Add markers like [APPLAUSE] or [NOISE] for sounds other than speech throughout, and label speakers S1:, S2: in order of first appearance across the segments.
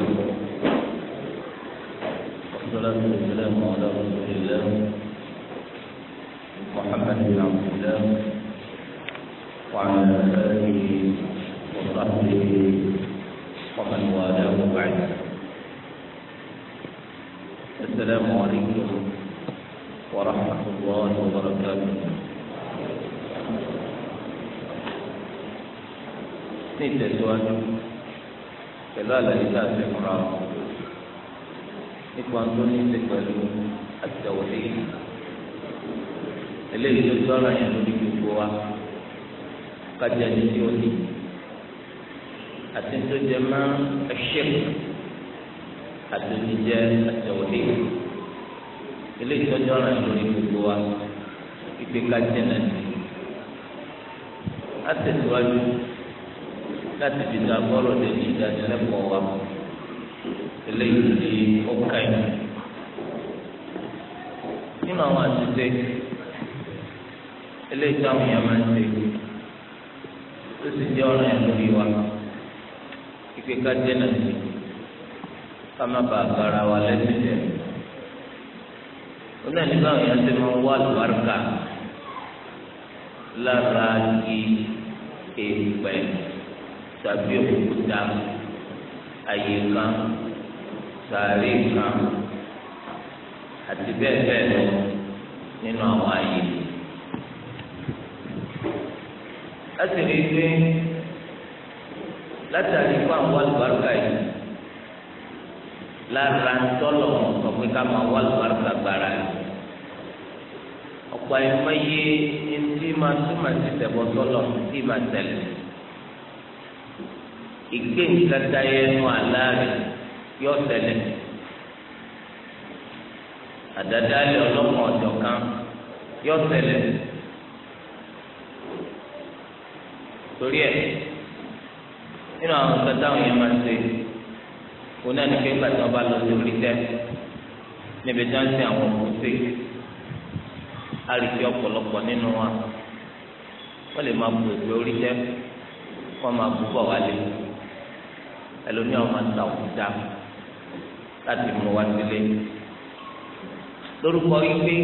S1: والصلاة
S2: والسلام على رسول الله محمد بن عبد الله وعلى آله وصحبه ومن والاه بعد
S1: السلام عليكم ورحمة الله وبركاته
S2: نتسواجه pẹ̀lú àlàyé tá a ṣe fúnra wọn nípa tó ní ṣe pẹ̀lú àtẹ̀wò lẹ́yìn eléyìí tó tọ́ra yẹn lórí gbogbo wa kájà ní tí ó ní àti tó jẹ mọ́ ẹṣẹ́ àti tó jẹ àtẹ̀wò lẹ́yìn
S1: eléyìí tó tọ́ra yẹn lórí gbogbo
S2: wa ìgbé kájà náà
S1: ní. àtẹ̀síwájú
S2: láti fi ta bọ́ọ̀lù débi ìdánilẹ́kọ̀ọ́ wa eléyìí ni ó ká ẹ̀
S1: nínú àwọn àtúnṣe eléyìí táwọn èèyàn máa ń ṣe ó sì jẹ́ ọ̀ràn ẹ̀ lórí wa
S2: ìpè ká jẹ́ náà sí ká má bàa bára wa lẹ́sìn jẹ́ ó náà ní báwọn èèyàn ṣe máa wá àlùbáríkà lára igi èèpẹ̀ tàbí òkúta àyè kan sàárè kan àti bẹ́ẹ̀ bẹ́ẹ̀ lọ nínú àwọn àyè. láti rí i pé
S1: látàrí fún àwọn àlùbáríkà yìí
S2: lára ń tọ́lọ̀ sọ pé ká máa wá àlùbáríkà gbára yìí ọ̀pọ̀ àìmọye ẹni tí máa túmọ̀ sí tẹ̀bọ̀ tọ́lọ̀ tí máa tẹ̀lé ìgbé nǹkan da ẹnu àlá rẹ yọ ṣẹlẹ̀ àdàdálẹ ọlọpàá ọjọ́ kan yọ ṣẹlẹ̀ torí ẹ
S1: nínú àwọn nǹkan táwọn yẹn máa ń
S2: ṣe kó náà ní pé gbàtí wọn bá lọ sí orí tẹ níbi tí wọn ń sin àwọn òkú sí àrìsí ọ̀pọ̀lọpọ̀ nínú wa wọn lè máa bu ègbé orí tẹ wọn máa bu bọ wálé ẹlòmíì ọmọ ta òkúta láti mú wa sílé lórúkọ ìgbé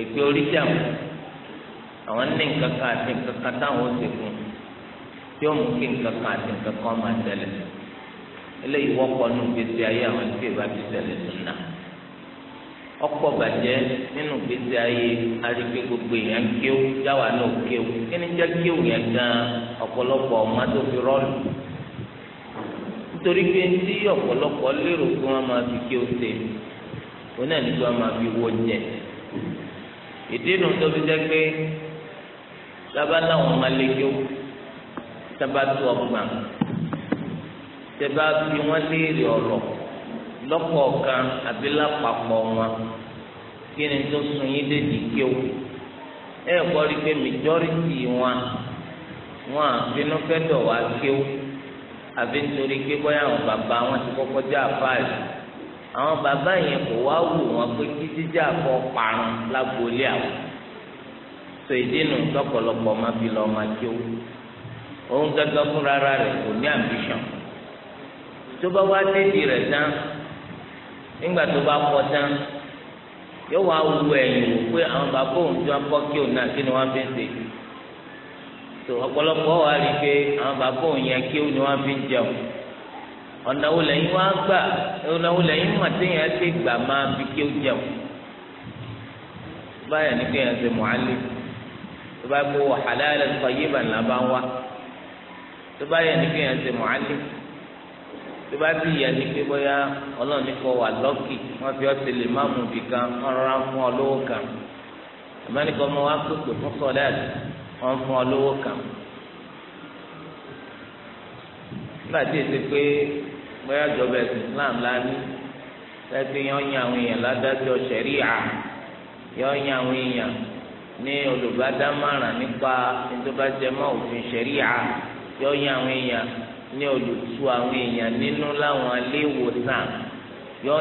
S2: èpè oríṣà àwọn ní nǹkan kan àti nǹkan kan táwọn ó ṣe fún tí ó mú kí nǹkan kan àti nǹkan kan máa tẹ̀lé eléyìí wọ́pọ̀ nù gbèsè ayé àwọn tí èèbá ti tẹ̀lé tó nà ọ̀pọ̀ bàjẹ́ nínú gbèsè ayé arígbé gbogbo èèyàn kéwù jáwa náà kéwù kí ni jẹ́ kéwù yẹn gan ọ̀pọ̀lọpọ̀ ọ̀ma tó fi rọ́ọ̀lù nítorí pé tí ọ̀pọ̀lọpọ̀ lérò pé wọ́n máa fi kí o ṣe wọn náà nígbà wọn máa fi wo jẹ ìdínú tó fi jẹ́ pé lábá láwọn máa lé kí o sábà tó ọgbà tẹ́bá fi wọ́n léèrè ọ̀rọ̀ lọ́kọ̀ọ̀kan àbí lápapọ̀ wọn kí ni tó sun yín dédì kí o ẹ̀ kọ́ rí pé majority wọn wọn àbínú fẹ́ dọ̀ wá kí o àfi nítorí pé bóyá àwọn bàbá wọn ti kọ́kọ́ jẹ́ àfáàrí àwọn bàbá yẹn kò wá wù wọn pé kí jíjà kọ́ parun lágboolé àwọn tó ìdínú tọ̀pọ̀lọpọ̀ máa fi lọ máa jó òun gẹ́gẹ́ fúnra rẹ̀ kò ní ambition tó bá wá dédì rẹ̀ tán nígbà tó bá kọ́ tán yóò wá wù ẹ̀yìn wò pé àwọn bàbá òun tó wá kọ́ kí òun náà kí ni wọ́n fi ń ṣe yìí. tó ọ̀pọ̀lọpọ̀ a rí i pé àwọn bàbá òun yẹn kí ni wọn fi ń jẹun ọ̀nà wo lẹ́yìn wá gbà ọ̀nà wo lẹ́yìn mà téèyàn ṣe gbà máa fi kí jẹun báyà ní kéèyàn ṣe mọ̀álẹ́ tó bá gbó halalan tayyiban là bá ń wá tó bá ní kéèyàn ṣe mọ̀álẹ́ tó bá sì yẹ ní pé bóyá ọlọ́run ní wà lọ́kì wọ́n fi lè má mú ọ kan àmọ́ wọn fún ọ lówó kan nígbà tí èsì pé bóyá ìjọba ẹ̀sìn Islam la ní sẹ́gbẹ́ yẹn ọ̀yàn àwọn èèyàn ládájọ́ ṣẹ̀ríà yẹn ọ̀yàn àwọn èèyàn ní olùbádámọ̀ràn nípa òfin àwọn èèyàn ní olùtú àwọn èèyàn nínú láwọn àwọn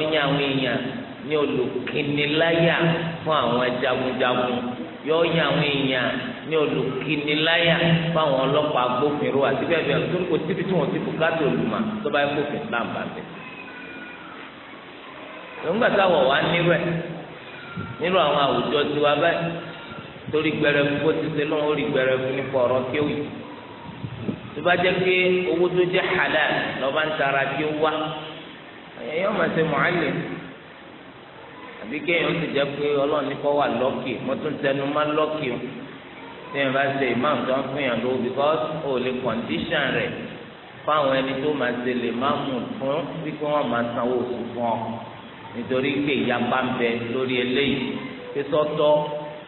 S2: èèyàn ní fún àwọn jagunjagun. yọ yẹ àwọn èèyàn ní olùkíniláyà fáwọn ọlọ́pàá agbófinró àti bẹ́ẹ̀ bẹ́ẹ̀ torí kò síbi tí wọ́n ti bùkátà olùmọ̀ tó bá yẹ kófin islam bá bẹ̀. lóńgbà táwọn wà ẹ̀ àwọn àwùjọ torí gbẹrẹfu bó ti ṣe lọ́wọ́ gbẹrẹfu àbí kéèyàn ti jẹ́ pé ọlọ́run ní kọ́ wà lọ́kì mo tún tẹnu má lọ́kì o téèyàn bá ṣe imam tó ń fìyàn lówó because o lè condition rẹ̀ fáwọn ẹni tó máa ṣe lè má mú fún wípé wọ́n máa sanwó oṣù fún ọ nítorí pé ìyapa ń bẹ lórí eléyìí pé sọ́tọ̀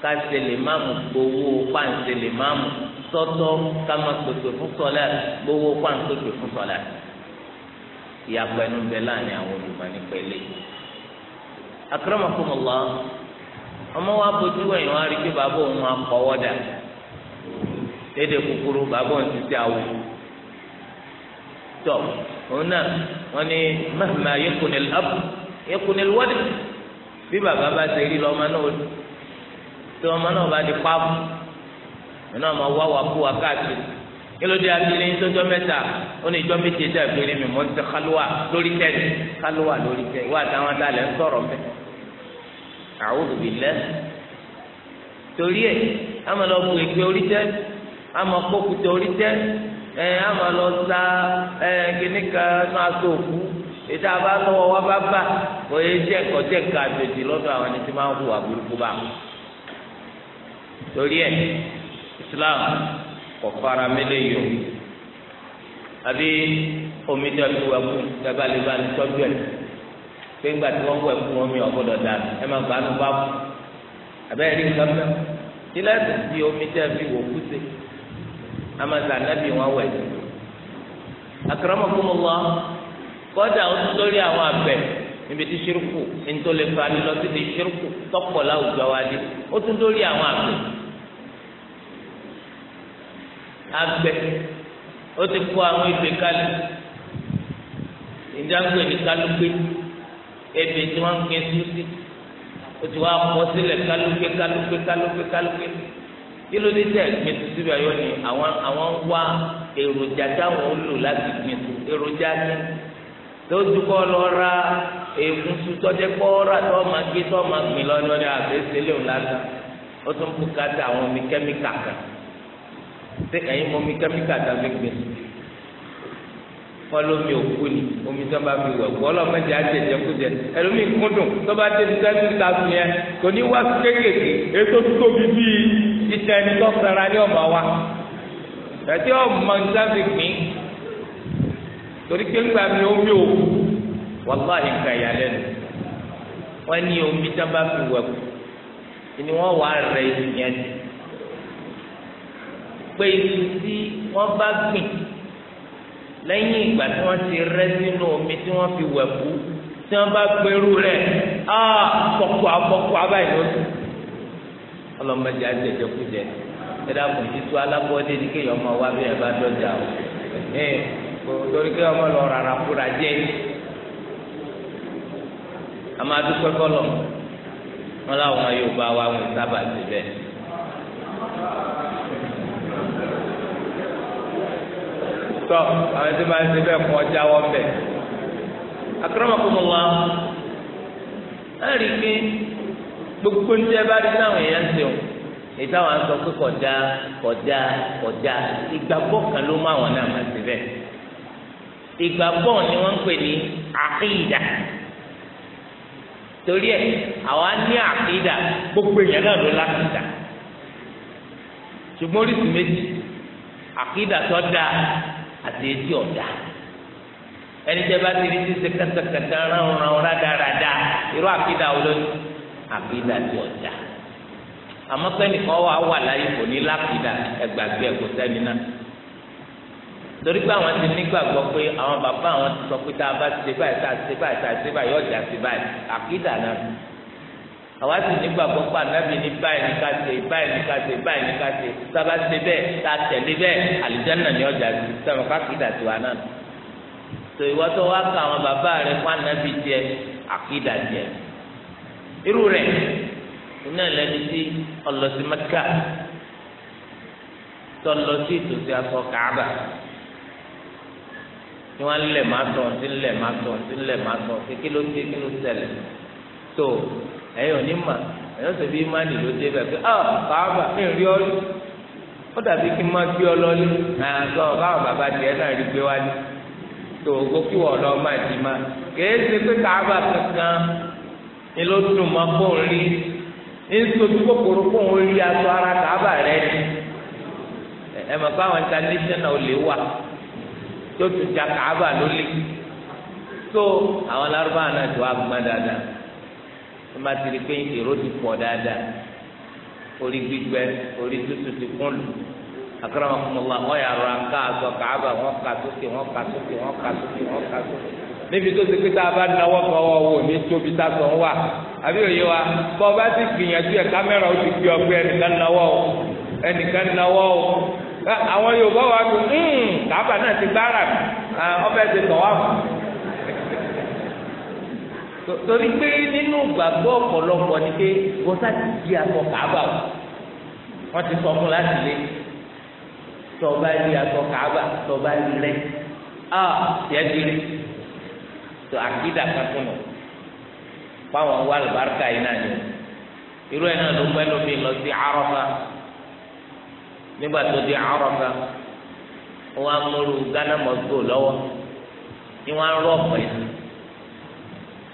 S2: ká ṣe lè má mú gbowó pàǹṣe lè má mú sọ́tọ̀ ká máa pèpè fún sọ́lá gbowó pàǹpèpè fún sọ́lá ìyapa ẹnu bẹ láàrin àwọn olùmọ̀ nípa eléyìí akramakumullah ọmọ wa bójú wẹ̀yìn wa rí pé bàbá òun akọwọ́dà léde kúkúrú bàbá òun ti ti awo tọ òun náà wọn ni mahma yekunil ab yekunil wadi bí bàbá bá ṣe rí lọ́mọ náà tí ọmọ náà bá di paapu iná ọmọ wá wà kú wa káàkiri kílódé abiri ńsọjọ mẹ́ta ó ìjọ méje dàbí rí mọ ní sẹ kálúwà lórí tẹni kálúwà lórí tẹni wà táwọn tá a lẹ a'udhu billah torí ẹ̀ àmọ́ lọ bu ègbé orí tẹ́ àmọ́ kókùtà orí tẹ́ ẹ̀ àmọ́ lọ sa ẹ̀ kìnnìkan náà sọ òkú ètò àbá lọ́wọ́ wa bá bà kò yé jẹ́ kọjá ká àjòjì lọ́dọ̀ àwọn ẹni tí máa ń hùwà burúkú bá torí ẹ̀ Islam kò fara mẹ́lẹ̀ yìí o àbí omi tẹ́ fi wá kú tẹ́ bá lè tọ́jú ẹ̀ pé ńgbà tí wọ́n wẹ̀ fún omi ọ̀gbọ́dọ̀ dànù ẹ máa gbà á nù bá fún abẹ́rẹ́ rí nǹkan mẹ́wọ́ tí láti di omi tẹ́ fi wò kúse amaza anabi wọn wẹ̀ akramakumullah kọ́dà ó tún lórí àwọn abẹ níbi tí ṣírùkù nítorí fani lọ sí ti ṣírùkù tọ́pọ̀ láwùjọ wa dé ó tún lórí àwọn abẹ abẹ ó ti kó àwọn ìgbé kalẹ̀ ìdáǹgbè ní kálukú ebè tí wọ́n ń ké susi o ti wá pọ̀ sílẹ̀ kálukẹ́ kálukẹ́ kálukẹ́ kálukẹ́ kí ló dé tẹ̀ gbin tu síbi ayọ́ ni àwọn àwọn ń wá èròjà táwọn ń lò láti gbin tu èròjà ni lójú kọ́ lọ ra ègúsù tọ́jẹ́ kọ́ ra tọ́ ma gé tọ́ ma gbin lọ́dọ́ ní àbẹ́sẹ̀ lé òun lásán o tún kú káta àwọn omi kẹ́míkà kan ṣé ẹ̀yin mọ omi kẹ́míkà tàbí gbin tu wọn lómi òkú ni omi tó bá fi wẹ̀ kú ọlọ́mọdé àjẹjẹ kú jẹ ẹlòmíì kúndùn tó bá dé nígbà tó ta fún yẹn kò ní wá kéékèèké ètò tóbi bíi ìtẹ̀ ẹni tó sara ní ọmọ wa ẹtí ọmọ nígbà fi pín torí pé ńgbà mi omi òkú wàlúwà ìka ìyàlẹ́nu wọn ní omi tó bá fi wẹ̀ kú ni wọn wà rẹ ìyẹn pé ibi wọn bá gbìn lẹ́yìn ìgbà tí wọ́n ti rẹ́ sínú omi tí wọ́n fi wẹ̀ kú tí wọ́n bá gbẹrú rẹ̀ á pọ̀pọ̀ àpọ̀pọ̀ abáyé lọ́sù ọlọ́mọdé àjẹjẹkújẹ ẹ̀dá kò ti tú alábọ́dé ní kéèyàn ọmọ wa bí ẹ bá dọ́jà o ẹ̀ torí kéèyàn ọmọ lọ rárá fúra jẹ́ àmọ́ adúpẹ́ kọ́lọ̀ wọn láwọn Yorùbá wa wọn sábà ti
S1: tọ́ àwọn tí máa ń ṣe bẹ́ẹ̀ kọ́ jáwọ́ bẹ̀.
S2: akramakumullah á rí i pé gbogbo ní ẹ bá rí táwọn èèyàn ń sèwọ̀n èyí táwọn sọ pé kọjá kọjá kọjá ìgbàgbọ́ kan ló mú àwọn náà máa ṣe bẹ́ẹ̀ ìgbàgbọ́ ni wọ́n ń pè ní àkídà torí ẹ àwa ní àkídà gbogbo èèyàn náà ló lákìdà ṣùgbọ́n oríṣi méjì àkídà tó dáa àti etí ọ̀dà ẹni tẹ́ bá ti rí ti ṣe kẹtẹkẹtẹ ránun ránun rádaràda irú àkídà wo lónìí àkídà ti ọ̀dà àmọ́ kẹ́nìkan wà wà láyé kò ní lákìdà ẹgbàgbé ẹ̀kọ́ sẹ́ni náà torí pé àwọn ti nígbàgbọ́ pé àwọn bàbá àwọn ti sọ pé tá a bá ti ṣe báyìí tá a ṣe báyìí tá a ṣe báyìí ọjà ṣe báyìí àkídà náà àwa sì nígbàgbọ́ pa nàbì ní báyìí ní ká ṣe báyìí ní ká ṣe báyìí ní ká ṣe sábà ṣe bẹ́ẹ̀ tá a tẹ̀lé bẹ́ẹ̀ àlùjáná ni ọjà sí sẹ́wọ̀n kákìdá ti wà náà tó ìwọ́ tó wá ka àwọn bàbá rẹ̀ fún ànábì tiẹ̀ àkìdá tiẹ̀ irú rẹ̀ iná lẹni tí ọlọ́sí mẹ́kà tọ́lọ́ sí ìtòsí aṣọ kàába ni wọ́n lẹ̀ máa tọ̀ sí lẹ̀ máa tọ̀ sí lẹ̀ máa tọ̀ So, ẹ̀yin ò ní mà ẹ̀yin ó sì fi ìmánì ló dé bẹ́ẹ̀ pé ọ ah, bàbá mi rí ọ rí ó dàbí kí n má gbé ọ lọ́lé àgọ́ báwọn bàbá tiẹ̀ náà rí gbé wálé tó o kí wọ́n lọ má ti má kèé ṣe pé kàába kankan ni ló dùn mọ́ kó ń rí nítorí kòkòrò kó ń rí aṣọ ara kàába rẹ ni ẹ mọ̀ báwọn international ò lè wà tó tún ja kàába lólè tó àwọn lárúbáwá náà tó a gbọ́n dáadáa ẹ má ti rí pé èrò ti pọ̀ dáadáa orí gbígbẹ orí tútù ti kún lù akaramakumala wọn yàrá ká aṣọ kàába wọn kà sókè wọn kà sókè wọn kà sókè wọn kà sókè níbi tó ti pé tá a bá náwó fọwọ́ wò ní tóbi tá a sọ ń wà àbí òye wa bọ́ ọ bá ti gbìyànjú ẹ̀ kámẹ́rà ó ti gbé ọgbẹ́ ẹnìkan náwó o ẹnìkan náwó o àwọn Yorùbá wa kò hmm, kàába náà ti gbára ọbẹ̀ ti tọ̀ wá fún un
S1: torí pé nínú gbàgbọ́ ọ̀pọ̀lọpọ̀
S2: ni pé bọ́sá ti di aṣọ kàába o wọ́n ti sọ fún láti lé tọ́ba di aṣọ kàába tọ́ba rẹ̀ á tiẹ̀ dirí tó àkídà kan fáwọn wà lùbáríkà yìí náà ni irú ẹ̀ náà ló pẹ́ lómi lọ sí Àrọ́fà nígbà tó di Àrọ́fà wọ́n á múlu Ghana mosco lọ́wọ́ ni wọ́n á rọ̀ pẹ̀lú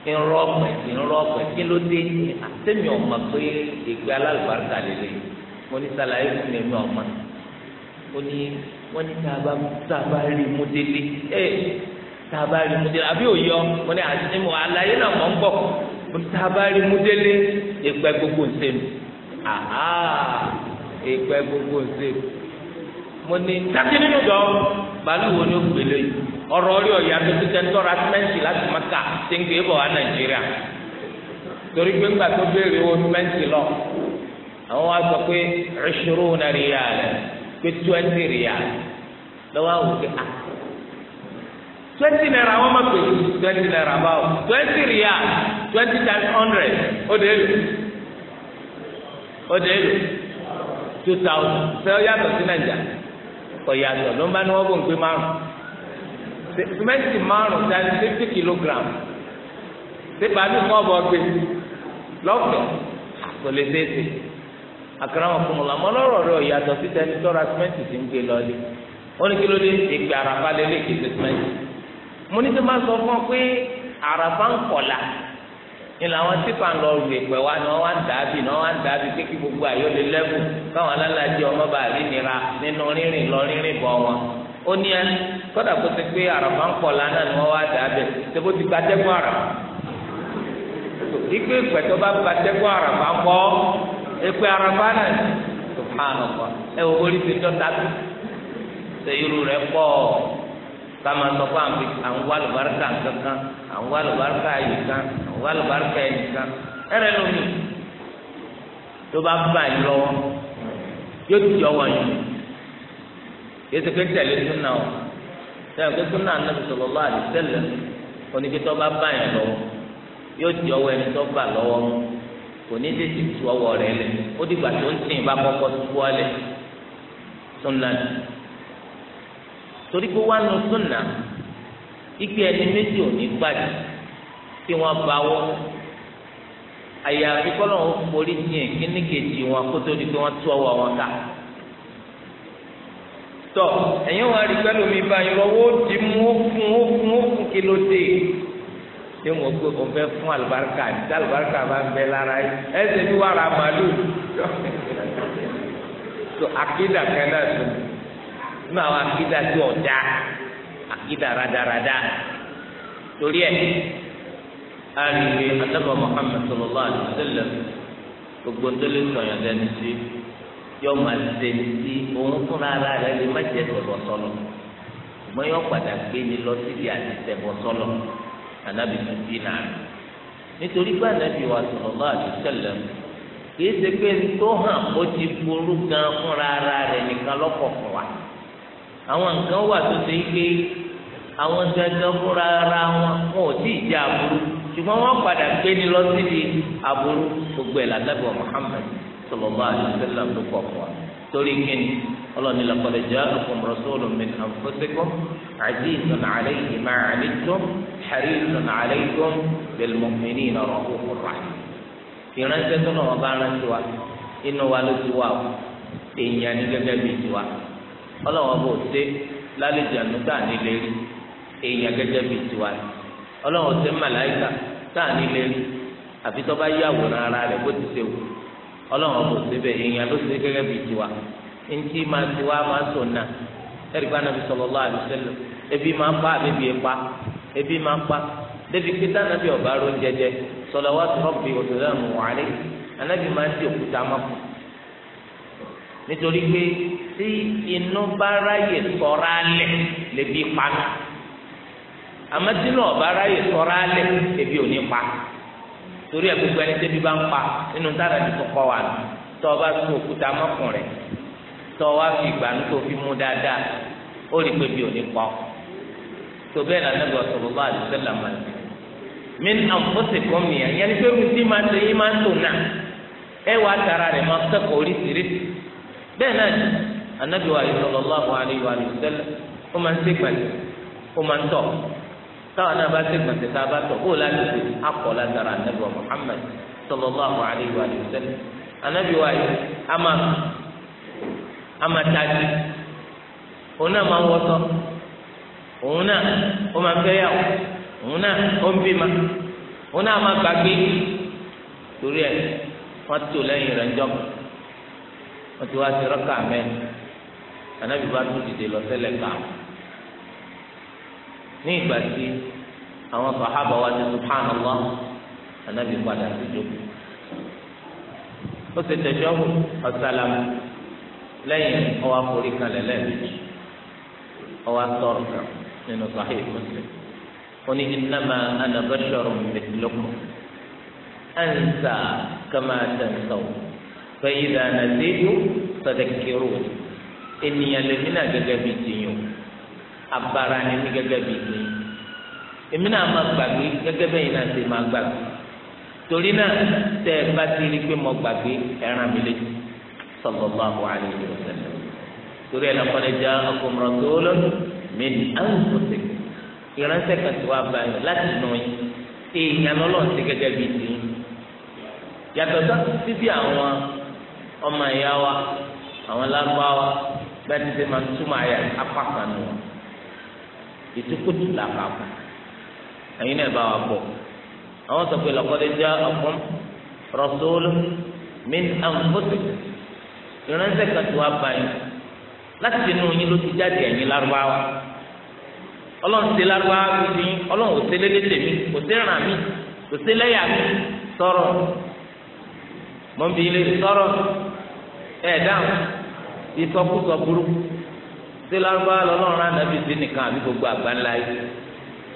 S2: kí n rọ ọpẹ kí n rọ ọpẹ kí ló dé àtẹmí ọmọ pé ìgbé alálùbáríkà lélẹ mo ní sàlàyé fún mi ọmọ ó ní wọn ní tá a bá tá a bá rí mu délé ẹ tá a bá rí mu délé àbí òye ọ mo ní àtẹmọ àlàyé náà mọ ń bọ mo ní tá a bá rí mu délé ìpẹ gbogbo ń sẹnu àhá ìpẹ gbogbo ń sẹnu mo ní dájú nínú jọ bàálù wo ni ó gbélé ọ̀rọ̀ orí ọ̀yà tó ti tẹ́ ń tọ́ra símẹ́ǹtì láti maka ti ń gbé bọ̀ wá nàìjíríà torí pé ńgbà tó béèrè wo símẹ́ǹtì lọ àwọn wa sọ pé ìṣòro na rìyà rẹ pé twenty rìyà lọ́wọ́ àwọn òkè à ah, twenty naira wọn máa pè twenty naira báwo twenty rìyà twenty times hundred ó dé lò ó dé lò
S1: two thousand fẹ́ yàtọ̀ sí nàìjíríà
S2: ọ̀yàtọ̀ ló ń bá ní wọ́n bò ń gbé márùn simenti márùn ta ni fifty kilogram ṣé bàálù kan bọ̀ gbé lọ́fẹ̀ẹ́ kò lè ṣeéṣe àkàràmọ fún mi làmọ lọ́rọ̀ rẹ̀ ọ̀yàtọ̀ síta ẹni tọ́ra simenti ti ń gbé lọ́lé ó ní kí ló dé ìgbà àràfà lélẹ̀ kí ṣe mo ní sọ fún ọ pé àràfà ń kọ̀ la ni làwọn tipa ń lọ rù ìpẹ́ wa ni wọ́n wá ń dàbí ni wọ́n wá ń dàbí kékeré gbogbo àyọ̀lẹ̀ lẹ́bù káwọn alálàájì ọmọ bá rí nira nínú rírìn lọ rírìn bọ̀ wọn. ó ní ẹ kọ́dà kó ti pé àràfà ń pọ̀ lánàá ni wọ́n wá dàbẹ̀ tẹ́bó ti gbatẹ́gùn àràfà. ìgbé ìpẹ́ tó bá gbatẹ́gùn àràfà kọ́ ìpẹ́ àràfà náà tó fáànù kọ́ ẹ wò orí ti dọ́ta bí. ṣe irú rẹ pọ̀ ká máa sọ fún àwọn àlùbáríkà kankan àwọn àlùbáríkà yìí kan wà lùbáríkà ẹnìkan ẹrẹ lómi tó bá bá yìí lọ́wọ́ yóò ti ọwọ́ yìí yóò ti pé tẹ̀lé súnà o sẹ́yìn pé súnà anábì sọ̀rọ̀ lọ́wọ́ àdìsẹ́lẹ̀ oníkí tó bá bá yìí lọ́wọ́ yóò ti ọwọ́ ẹni tó bá lọ́wọ́ kò ní tètè tu ọwọ́ rẹ̀ lẹ̀ ó dìgbà tó ń tìǹ bá kọ́kọ́ tú ọ lẹ̀ súnà torí pé wọ́n á nu ike ẹni méjì ò ní gbàdúrà tí wọ́n bá wọ́ àyàfi kọ́lọ̀ ń forí tiẹ̀ kíní kejì wọn kó tó di pé wọ́n tú ọwọ́ wọn ká tọ ẹ̀yin wọn rí lómi báyìí lọ́wọ́ di mú ó fún ó fún ó fún kí ló dé ṣé wọn gbé wọn fẹ́ fún àlùbáríkà tí àlùbáríkà máa ń bẹ lára yìí ẹsẹ̀ bí wàrà màlúù
S1: tó akídà kan tó nínú àwọn akídà tí ọ̀dà
S2: akídà rádaràdà torí ẹ̀ àríwé àtẹ́kọ̀ọ́ Muhammad sallallahu alaihi wasallam gbogbo ntọ́lé sọ̀yàn dẹni sí yọ máa ṣe sí òun fúnra ara rẹ̀ lè má jẹ́ sọ̀rọ̀ sọ́lọ̀ ṣùgbọ́n yọ padà gbé ni lọ síbi àti sẹ̀bọ̀ sọ́lọ̀ ànábì tó bí náà nítorí pé ànábì wa sallallahu alaihi wasallam kìí ṣe pé tó hàn ó ti burú gan fúnra ara rẹ̀ nìkan lọ́kọ̀ọ̀kan wa àwọn nǹkan wà tó ṣe é pé àwọn dandan fúnra ara wọn ò tí ì jẹ́ aburú ṣùgbọ́n wọ́n padà gbé ni lọ síbi aburú gbogbo ẹ̀ làdàbọ̀ Muhammad sallallahu alaihi wasallam ló kọ̀ fún wa torí kíni ọlọ́ni lọ́kọ̀dẹ̀ jẹ́ ọkùnrin rọ́sọ́ọ̀lù min anfusikum azizun alayhi ma anittum harisun alaykum bil mu'minina ra'ufur rahim. ìránṣẹ́ tó náà bá rántí wa inú wa ló ti wà o èèyàn ní gẹ́gẹ́ bíi tiwa ọlọ́wọ́n bò ṣe lálejò ànúgbà nílé èèyàn gẹ́gẹ́ bíi tiwa ni ọlọ́run ọ̀sẹ̀ màláìka táà nílé rí àfi tó bá yí àwòrán ara rẹ̀ bó ti ṣe wù ọlọ́run ọ̀bọ̀ síbẹ̀ èèyàn ló ṣe gẹ́gẹ́ bíi tiwa ntí máa tiwa máa sọ náà ẹ̀rí nàbí sallallahu alaihi wasallam ebi máa pa àbẹ́bí pa ebi máa pa débi pété anabi ọba ro jẹjẹ salawatu rabbi wa salamuhu alayhi anabi máa ń di òkúta máa kù nítorí pé tí inú bá ráyè sọ̀rọ̀ amadinu ọba aráyè sọ̀rọ̀ alẹ ebi ò ní pa torí ẹ gbogbo ẹni tẹbi bá ń pa nínú tára ti tó kọ wa nù tọ ọba sún òkúta mọkùn rẹ tọ wa fi ìgbàanú tó fi mú dáadáa ó rí pé ebi ò ní pa tó bẹ́ẹ̀ náà nàbẹ ọ̀sọ̀rọ̀ bá àdúgbò làmà ní. mi nà fọ́sẹ̀ kọ́ mi yẹn yẹn pé rúdí máa tẹ yín máa tò náà ẹ wàá tara rẹ máa kẹ́kọ̀ọ́ oríṣiríṣi bẹ́ẹ̀ náà anabi wa sallallahu alaihi wa sallam ó máa ń ṣe pẹ̀lú ó máa ń tọ̀ táwọn náà bá tẹ̀gbọ̀n tẹ̀ tá a bá tọ̀ bó láti ṣe akọ̀ látara anabi wa muhammad sallallahu alayhi wa sallam anabi wa yìí ama ama tají òun náà máa ń wọ́tọ́ òun náà ó máa ń fẹ́ yà wò òun náà ó ń bímọ òun náà máa gbàgbé torí ẹ wọ́n tó lẹ́yìn rẹ̀ ń jọ́ wọ́n ti wá sí rọ́kà mẹ́rin anabi bá tún dìde lọ sẹ́lẹ̀ kàá ní ìgbà tí àwọn sàhábà wa ti subhanallah anabi padà sí jókòó ó sì tẹjọ́ ọ̀sálàmù lẹ́yìn ọwọ́ àforí kalẹ̀ lẹ́ẹ̀mejì ọwọ́ àtọ́rọ̀ kan nínú sahih muslim ó ní innama ana basharun mithlukum ansa kama tansaw fa idha nasitu ènìyàn lèmi náà bíi tìyàn abara ni mi bíi tìyàn èmi náà máa gbàgbé gẹ́gẹ́ bẹ́yìn náà ṣe máa gbàgbé torí náà tẹ ẹ bá ti rí i pé mo gbàgbé ẹran mi lé sallallahu alaihi wasallam torí ẹ lọkọ lè já ọkùnrin rasulun min anfusikum ìránṣẹ́ kan ti wá báyọ láti nù yín èèyàn lọlọrun ti gẹ́gẹ́ bíi ti yín yàtọ̀ tó ti bí àwọn ọmọ ìyá wa àwọn lágbáwa bẹ́ẹ̀ ti ṣe máa túmọ̀ ayé apá kan nù ìtukùtù làkàkùn. Anyị náà bá wa pọ̀ àwọn sọ pé laqad ja'akum rasulun min anfusikum ìránṣẹ́ kan tó wá báyìí láti inú yín ló ti jáde lárúbáwá ọlọ́run lárúbáwá yín ọlọ́run lédè kò ràn mí kò lẹ́yà sọ̀rọ̀ bí ilé sọ̀rọ̀ ẹ̀ dáhùn gbogbo àgbáńlá yìí.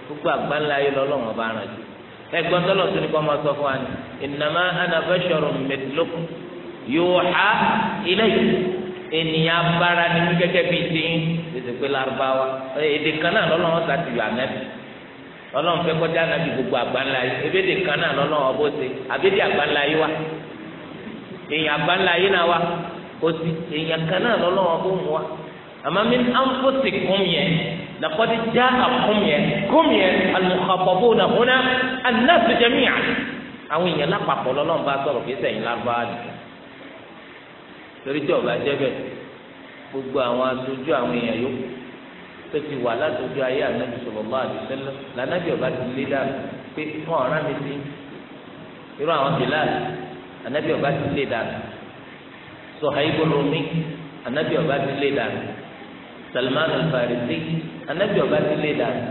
S2: gbogbo àgbáńlá ayé lọ́lọ́run ọba ràn jù ẹgbọn tọlọ tó ní kọ́ máa sọ fún wa ni ìnàmá anabẹ́sọ̀rọ̀ mẹtìlókù yóò há ilé yìí ènìyàn abára ni mí gẹ́gẹ́ bíi tiyín ètò pé larubawa èdè kan náà lọ́lọ́run sàtì yọ ànábì ọlọ́run fẹ́ kọjá ànábì gbogbo àgbáńlá yìí ebi kan náà lọ́lọ́run ọbọ̀ ṣe àbẹ́dẹ àgbáńlá yìí wa èèyàn àgbáńlá yìí náà wa kò sí èèyàn kan náà lọ́lọ́run ọbọ̀ mu wa àmọ́ mi kún yẹn لقد جاءكم yẹn kún يا al هنا الناس an-nas jami'an àwọn èèyàn lápapọ̀ lọ́lọ́run bá sọ̀rọ̀ kí sẹ́yìn lágbára ni torí tí ọba jẹ́ bẹ́ẹ̀ gbogbo àwọn aṣojú àwọn èèyàn yòókù tó ti wà látọjú ayé ànábì sallallahu alaihi wasallam lànàbì ọba ti lé dànù pé kàn ọ̀rá mi sí irú àwọn bìláàlì ànábì ọba ti lé dànù Suhaib al-Rumi ànábì ọba ti lé dànù Salman al anabi ọba ti lé dànù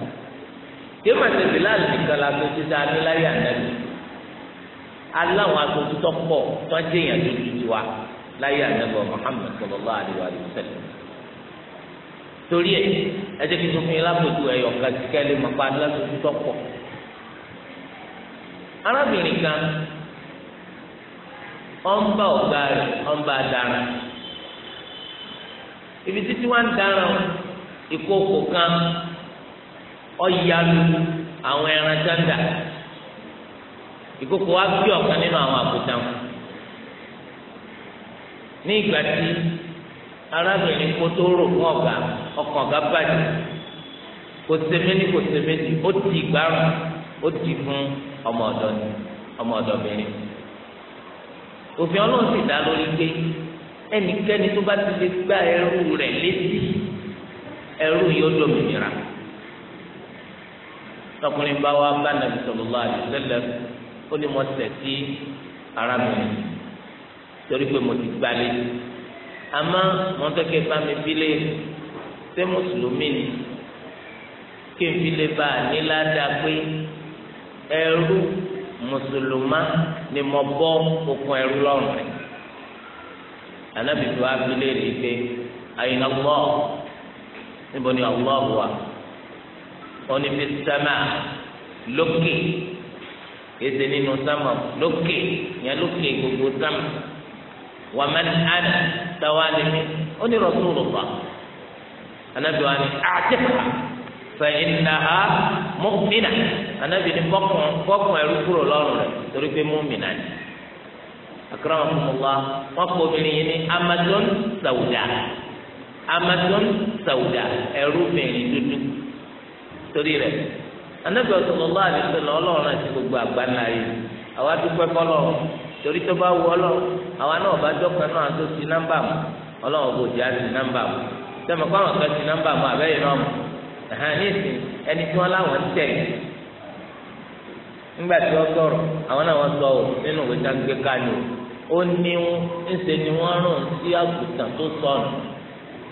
S2: yóò máa tẹ̀lé láàrin nìkan la tó ti dáa níláyà anabi aláwọn aṣojú tó pọ̀ tó ń jẹyàn tó tutù wa láyé anabi Muhammad sallallahu alayhi wa sallam torí ẹ ẹ jẹ́ kí n tó fún yín lápòtù ẹ̀yọ̀ kàtíkẹ́ lè máa pa aláṣojú tó pọ̀ arábìnrin kan ọ̀nba ọ̀gá rẹ̀ ọ̀nba dára ibi títí wá ń dára ìkókò kan ọ̀yàlú àwọn ẹran dáńdà ìkókò wa bí ọ̀kan nínú àwọn àbùtà wọn ní ìgbà tí arábìnrin kó tó rò fún ọ̀gá ọkàn ọ̀gá bàjẹ́ kò sèméni kò sèméni ó ti ìgbárùn ó ti fún ọmọ ọ̀dọ́ ni ọmọ ọ̀dọ́bìnrin òfin ọlọ́run sì dá lórí pé ẹnikẹ́ni tó bá ti lè gba ẹrú rẹ̀ létí ẹrú yóò dòmìnira tọkùnrin bá wa bá nàbì sallallahu alaihi wasallam ó ní mo ṣẹ̀ sí arábìnrin torí pé mo ti gbalé àmọ́ mo ń tẹkẹ bá mi bílé ṣé mùsùlùmí ni kí n bílé bá a ní ládàá pé ẹrú mùsùlùmá ni mo bọ́ okùn ẹrú lọ́rùn rẹ̀ ànábìtú abilé rí pé àyìnbó níbo ni allah wa òní fi sẹ́mà lókè èsè nínú sẹ́mà lókè yẹn lókè gbogbo sẹ́mà wà mẹ́ni àná táwa ni mí ó ní rasulullah anabi wa ni àtẹ̀kà fẹ̀yìntàhà mọ́kùnmínà anabi ni bọ́kùn bọ́kùn ẹ̀rú kúrò lọ́rùn rẹ̀ torí pé mọ́mìnà ni akramakumullah wọn kọ obìnrin yìí ní amazon sawuda. amaton sauda ẹrú bìnrin dudu torí rẹ̀ anabi sallallahu alaihi wasallam Ọlọ́run àti gbogbo àgbáńlá yìí àwa dúpẹ́ kọlọ torí tó bá wù ọlọ àwa náà bá dọkọ náà tó ti nọ́mbà mu Ọlọ́run kò já ti nọ́mbà mu sọmọ kó àwọn kan ti nọ́mbà mu àbẹ́yẹ náà mu ẹ̀hán ní ẹni tí wọ́n láwọn ń nígbà tí àwọn náà sọ nínú gbé ó ń ṣe ni rún sí àgùntàn tó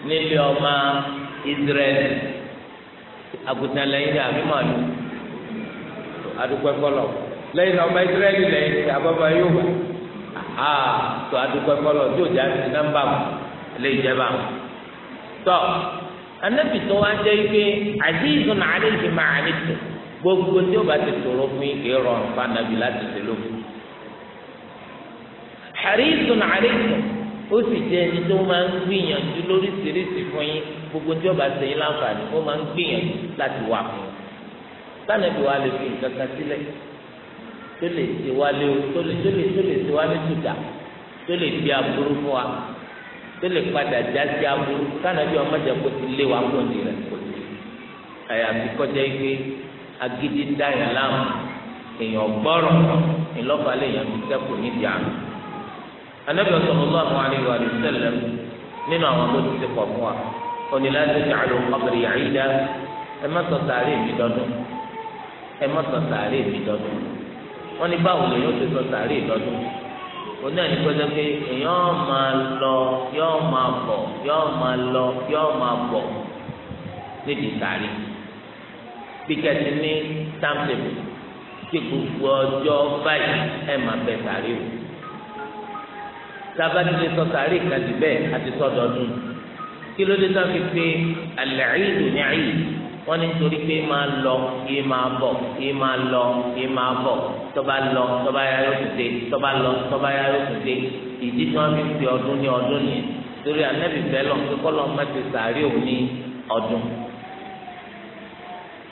S2: nílé ọmọ Israẹli àgùntàn lẹ́yìn ní àbí màlúù ọmọ Israẹli lẹ́yìn àbọ̀bọ̀ yóò wà tó tó jà sí mu lè ike àdéhùn gbogbo tí o bá ti tòrò fún yín kì í rọrùn fún anabi láti ó sì jẹ́ ẹni tó máa ń gbìyànjú lóríṣiríṣi fún yín gbogbo tí ọba ṣe yín láǹfààní ó máa ń gbìyànjú láti wà fún un sànàbí wa lè fi nǹkan kan sílẹ̀ tó lè ṣe wá lé tó lè tó lè tó lè ṣe wá lé tùdà tó lè fi aburú fún wa tó lè padà já sí aburú sànàbí ọmọ jẹ kó ti lé wa kó ní rẹ kó ti àyàfi kọjá igbe agídí dáyà láwọn èèyàn gbọ́rọ̀ ńlọ́fà lè yàn fi sẹ́kù nídìí àná anabi sallallahu alayhi wa sallam nínú àwọn tó ti pọ̀ fún wa onílà ti ti àlò qabri àyídá ẹ má sọ sàárè mi dọdún ẹ má sọ sàárè mi dọdún wọn ní báwo lè yóò ti sọ sàárè dọdún oní àná pẹlú pé èèyàn máa lọ yóò máa bọ̀ yóò máa lọ yóò máa bọ̀ nídìí sàárè píkẹ́tì ní táǹtẹ̀bù tí gbogbo ọjọ́ báyìí ẹ máa bẹ sàárè o tába ti lè sọ sàárè kan jù bẹ́ẹ̀ àti sọdọọdún kí ló dé tán fi pé àlẹ́rìndò ní àyè wọ́n ní nítorí pé máa lọ yé máa bọ̀ yé máa lọ yé máa bọ̀ tọ́ba lọ tọ́ba yá yóò tún dé tọ́ba lọ tọ́ba yá yóò tún dé ìdí tí wọ́n fi fi ọdún ní ọdún nìyẹn torí ànábì fẹ́ lọ pé kọ́lọ́ má ti sàárè òun ní ọdún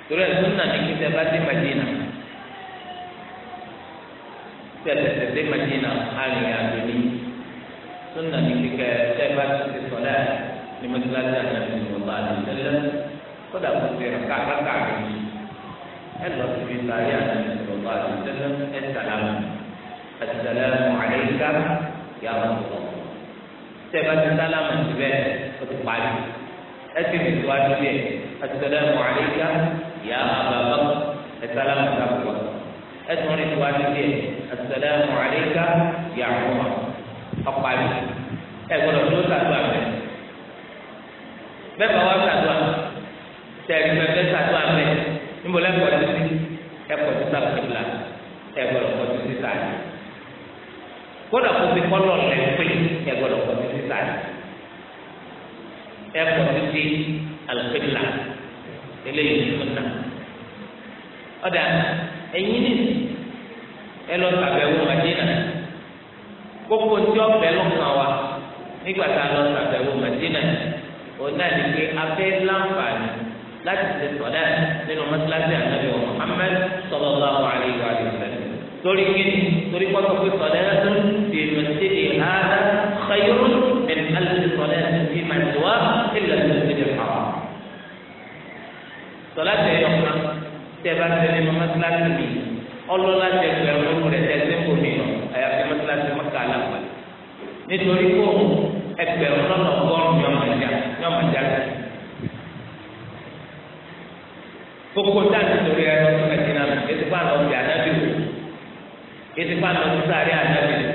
S2: torí ẹ̀ tún nàní kí sẹ́ bá dé Madina tẹ̀tẹ̀tẹ̀ dé Madina arìnrìn àjò nìyí. sunna ni kíkẹ́ tẹ́gbà ti sọ̀lá ní mọ́tíláṣí àtàlẹ́ ìwọ̀nba àdìsẹ́lẹ̀
S1: kódà kó ti rà káàkà mi ẹ lọ sí ibi sáré àtàlẹ́ ìwọ̀nba àdìsẹ́lẹ̀ ẹ sàlámù àtìsẹ́lẹ̀mù àlẹ́yìká yà wọ́n sọ̀ tẹ́gbà ti sálámù síbẹ̀ ó ti parí ẹ ti rìn tó adúlé àtìsẹ́lẹ̀mù àlẹ́yìká yà àbàbà ẹ sálámù sábà
S2: ẹtùn rìn tó adúlé àtìsẹ́lẹ̀mù àlẹ́yìká yà wọ́n ọ̀pá mi ẹ gbọ́dọ̀ tó sàdúrà mẹ́ bẹ́ẹ̀ bá wà sàdúrà tẹ̀lé mẹ́fẹ́ sàdúrà mẹ́ níbo lẹ́kọ̀ọ́ ti sí ẹ̀kọ́ ti sá kébìlà ẹ gbọ́dọ̀ kọ́ ti sí sàdúrà gbọ́dọ̀ kó ti kọ́lọ̀ lẹ́ pé ẹ gbọ́dọ̀ kọ́ ti sí sàdúrà ẹ̀kọ́ ti sí alùpùpù eléyìí tó nà ọ̀dà ẹ̀yin ni ẹ lọ sàbẹ̀wò Madina gbogbo tí ọ̀fẹ́ ló kàn wá nígbà tá a lọ sàbẹ̀wò mẹ́dínà òun náà ní pé abẹ́ láǹfààní láti ṣe sọ̀dá nínú mọ́tíláṣí ànábì wa Muhammad sallallahu alaihi wa sallam torí kíni torí pọ́tọ́ pé sọ̀dá tó ń fi mẹ́tíni hàdá xayúrú min alfi sọ̀dá tó fi máa ti wá ilẹ̀ tó ti di xàwá. sọ̀dá tẹ̀ yọ̀ kan tẹ̀ bá tẹ̀ nínú mọ́tíláṣí mi ọlọ́lá tẹ̀ pẹ̀lú nítorí kó ẹgbẹ̀rún lọ́nà ọgọ́rùn-ún yọmọ ẹja yọmọ ẹja lọ. gbogbo táàtì torí ẹ lọ sọ́kà jìnnà lọ ètò pa lọ sí ànábì wò ètò pa lọ sí sáré ànábì wò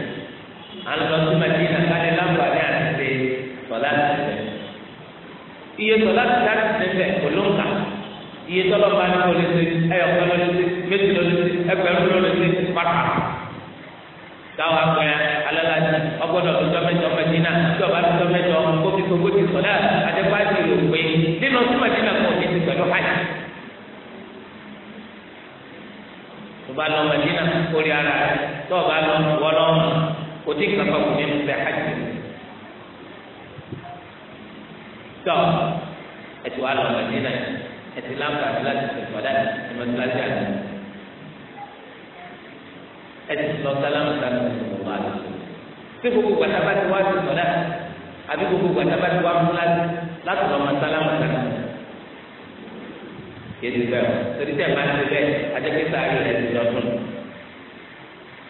S2: àlọ́ sí màdínà kálẹ̀ láǹfààní àti sọ̀lá ti sẹ̀. iye sọ̀lá ti sáré ti sẹ̀ kò ló ń kà iye tọ́lọ́ bá ní kò lè ṣe ẹ̀yọ̀kọ́ lọ́lẹ́sẹ̀ méjì lọ́lẹ́sẹ̀ ẹgbẹ̀rún lọ́lẹ́sẹ̀ ọgbọ́dọ̀ tó tọ́mẹ́tọ́ mẹ́tínà tí ọba tó tọ́mẹ́tọ́ kó fi gbogbo ti sọ̀dá àdẹ́gbà ti rò pé nínú tí mẹ́tínà kò ní ti pẹ̀lú hajj. tó bá lọ mẹ́tínà kórè ara rẹ̀ tó ọba lọ wọ́lọ́ kò tí kankan kò nínú fẹ́ hajj.
S1: tọ́ ẹ ti wá lọ mẹ́tínà ẹ ti láǹfààní láti sọ̀dá ẹ mẹ́tínà ti àná
S2: ẹ ti sọ sálámù sálámù ṣé gbogbo gbàtà bá ti wá ti sọ náà àbí gbogbo gbàtà bá ti wá mú láti láti lọ máa sálámà sára
S1: kéde bẹ́ẹ̀ torí tẹ̀ máa ti bẹ́ẹ̀ ajẹ́pẹ́ sáré rẹ̀ ti lọ fún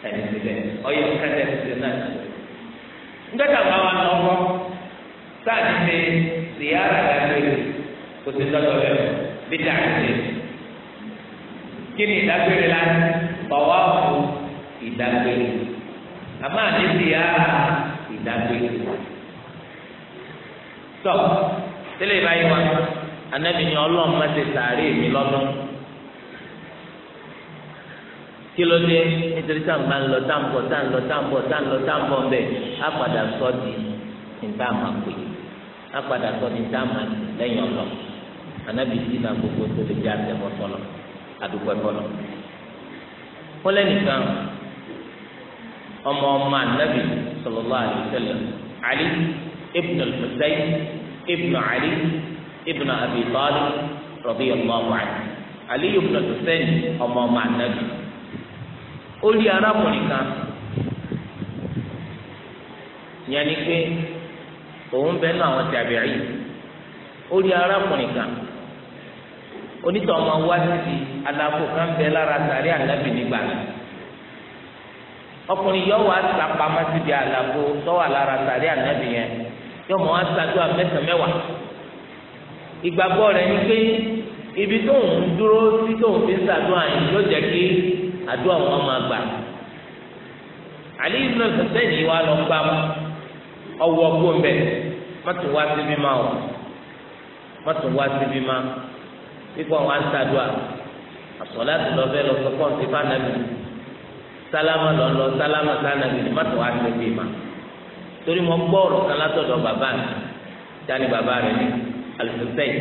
S2: ẹni ti bẹ́ẹ̀ ọyẹ kẹ́tẹ́ ti ti náà ńgbẹ́ta bá wa lọ kọ́ sáà ti ṣe ṣìyára dágbére kò sí lọ́dọ̀ bẹ́ẹ̀ bí dáa ti ṣe kí ni ìdágbére láti bàwá fún ìdágbére àmọ́ àdébí yá ìdágbé tọ́ tẹ́lẹ̀ báyìí wọn anabi ni ọlọ́run má ti sàárè mi lọ́dún kí ló dé nítorí tá à ń bá ń lọ tá à ń bọ̀ tá à ń lọ tá à ń bọ̀ tá à ń lọ tá à ń bọ̀ ń bẹ̀ á padà sọ di níta àmà pé á padà sọ di níta àmà lẹ́yìn ọ̀lọ́ anabi sí náà gbogbo tó lè jẹ́ àtẹ̀wọ́ sọlọ àdúgbò ẹ̀fọ́ lọ. wọ́n lẹ́nìkan ọmọ ọmọ anabi sallallahu alayhi wa sallam ali ibn al-husayn ibn ali ibn abi talib radiyallahu anhu ali ibn al-husayn ọmọ ọmọ anabi ó rí arákùnrin kan yẹn ni pé òun bẹ náà àwọn tàbíyì ó rí arákùnrin kan onítọ̀ ọmọ wá sí alákò kan bẹ lára sàrí ànábì nígbà náà ọkùnrin yọ wá sàpamọ́ síbi àlàfo tọ́wà lára sàrí ànábì yẹn yọ mọ́ asàdúrà mẹ́sàn-án mẹ́wàá ìgbàgbọ́ rẹ̀ ni pé ibi tó ń dúró sí tó ń fi sàdúrà yìí yóò jẹ́ kí àdúrà wọn máa gbà àlẹ́ ìlú ọ̀sẹ̀ yìí wá lọ gbá ọwọ́ gbòǹbẹ̀ mọ́tò wá síbi máa wọ̀ mọ́tò wá síbi máa wípé wọn á sàdúrà àsọ̀lá ti lọ bẹ́ẹ̀ lọ sọ́kọ́ ti fà nàbì yìí sálámà lọ́lọ́ sálámà sánàbì ní mọ́tò wá sí ibi ma torí mo gbọ́ ọ̀rọ̀ kan látọ̀dọ̀ bàbá mi dání bàbá rẹ̀ ní alùpùpẹ́yì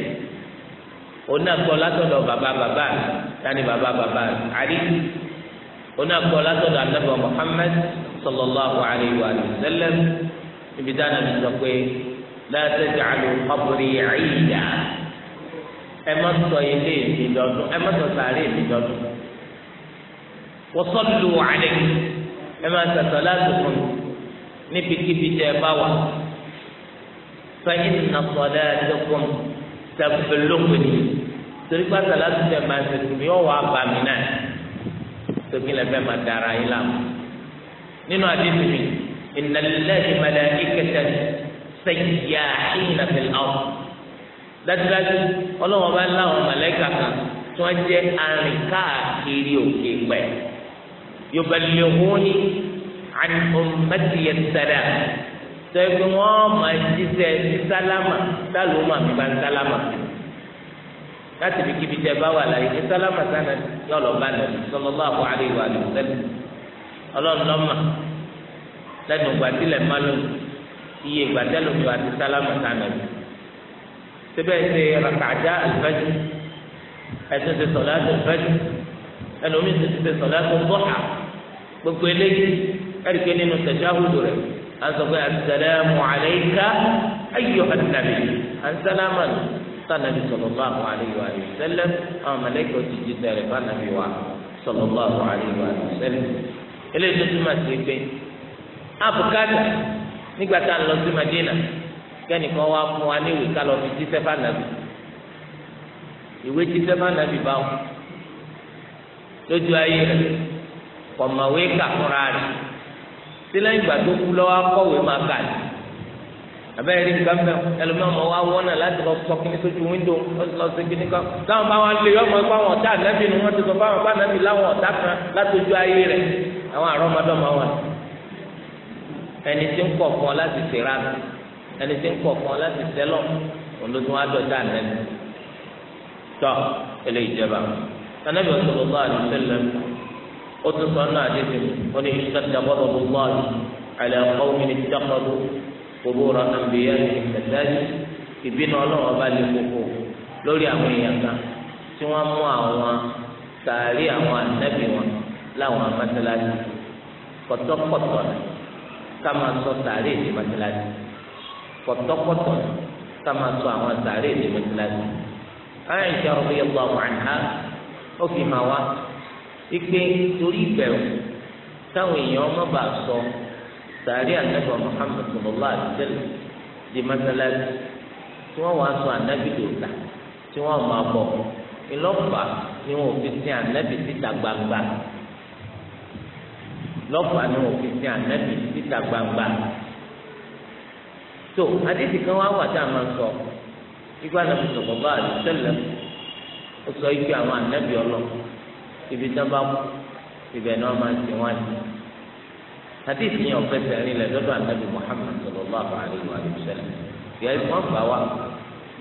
S2: onagbọ́ látọ̀dọ̀ bàbá bàbá mi dání bàbá bàbá mi àdí onagbọ́ látọ̀dọ̀ anábọ̀ Muhammad sallallahu alayhi wa sallam ibi dáná mi sọ pé látẹ̀jẹ̀ àlù ọ̀bùrì àyíjà ẹ má sọ ilé ìdíjọ́dún ẹ má sọ sàárè ìdíjọ́dún wọ́sọ́lù àlẹ́ ẹ máa sàtọ̀ láti fún mi níbikíbi tẹ́ ẹ bá wà fẹ́yìn nàkọ́dá ẹ̀dẹ́kùn tẹ̀bẹ̀lógbòdì torí pàtàkì láti tẹ̀ máa sẹ̀kùn mi ọ̀wọ́ àbàmì náà tóbi lẹ́fẹ̀ máa dára yín láàmú nínú àdéhùn mi ìnàlélẹ́yìn mẹ́lẹ́ ìkẹtẹ́ sẹ́yìá ìnàfẹ́ àwọn dájúdájú ọlọ́wọ́n bá láwọn mọ̀lẹ́kà kan tí wọ́n jẹ́ arìn káàkiri òkè pẹ̀lú yubalighuni an ummati as-salam sẹ́gun wọ́n máa jíṣẹ́ sí sálámà sálùmọ́ mi bá sálámà láti fi kíbi tẹ bá wà láyé sálámà sánà yọ lọ bá nàbí sallallahu alaihi wa sallam ọlọ́run lọ́mà lẹ́nu gbàtílẹ̀ má lónìí iye gbàtẹ́lẹ̀ tó àti sálámà sánà bí síbẹ̀ ṣe rakàjá al-fajr ẹ̀sùn ti sọ̀lá tó al-fajr ẹ̀lómi ti ti sọ̀lá tó gbogbo eléyìí ẹ̀ríkè nínú tajahudu rẹ̀ à ń sọ pé assalamu alayka ayyuhan nabi ànsálàmù sànàbí sallallahu alayhi wa sallam àwọn mẹlẹ́kì ọtí jí tẹ̀rẹ̀ fànàbí wa sallallahu alayhi wa sallam eléyìí tó túmọ̀ sí pé
S3: àbùkátà nígbà tá à ń lọ sí
S2: fún wa níwèé ká lọ fi jíṣẹ́ fànàbí ìwé jíṣẹ́ fànàbí báwọn lójú ayé rẹ̀ kọ̀mọ̀wé kà fúnra rẹ̀ sílẹ̀ ìgbà tó kú lọ́wọ́ akọ̀wé máa kà ní. abẹ́rẹ́ rí nǹkan mẹ́ ẹlòmíràn mọ́ wá wọ́nà láti lọ sọ kíní sójú wíńdò lọ sí kíní kan táwọn bá wọn lé ọmọ ẹgbẹ́ àwọn ọ̀tá ànábì ni wọ́n ti sọ fáwọn ànábì láwọn ọ̀tá kan látọjú ayé rẹ̀ àwọn àrọ́mọdọ́mọ wọn. ẹni tí ń kọ̀ fún ọ láti ṣèrà ẹni tí ń kọ̀ fún ọ láti ṣẹlọ̀ òun ló tún ànábì. tọ́ eléyìí jẹba ànábì ọ̀sọ̀rọ̀ ó tún sọ náà àdéhùn ó ní ìṣẹ́jà bọ́dọ̀ ló wá yìí àlẹ́ ọkọ̀ mi ní jákòó gbogbo ra àǹbẹ̀yẹ ìṣẹ̀dájú ìbínú ọlọ́run ọba lè koko lórí àwọn èèyàn kan tí wọ́n mú àwọn sàárì àwọn ànábì wọn láwọn amátẹ́lájú pọ̀tọ́pọ̀tọ̀ ká máa sọ sàárì èdè mátẹ́lájú pọ̀tọ́pọ̀tọ̀ ká máa sọ àwọn sàárì èdè mátẹ́lájú. Aisha radiyallahu anha ó fi máa wá ìpè torí ìbẹ̀rù táwọn èèyàn ọmọ bá sọ sàárì ànábà Muhammad sallallahu alaihi wasallam di mọ́sálásí tí wọ́n wàá sọ ànábì dòdà tí wọ́n máa bọ̀ ìlọ́pà ni wọn ò fi sin ànábì síta gbangba lọ́pà ni wọn ò fi sin ànábì síta gbangba tó àdéhìí kan wá wà tá a máa sọ ìgbà náà sọ̀rọ̀ bá àdìsẹ́lẹ̀ ó sọ ike àwọn ànábì ọlọ́pàá ibi tí wọn bá kú ibẹ̀ ni wọn máa ti wọn àti àti ìsìn ọ̀fẹ́ sẹ́rin lẹ̀ lọ́dọ̀ àtàbí Muhammad sallallahu alaihi wa sallam ìyá ìfọ̀n bá wa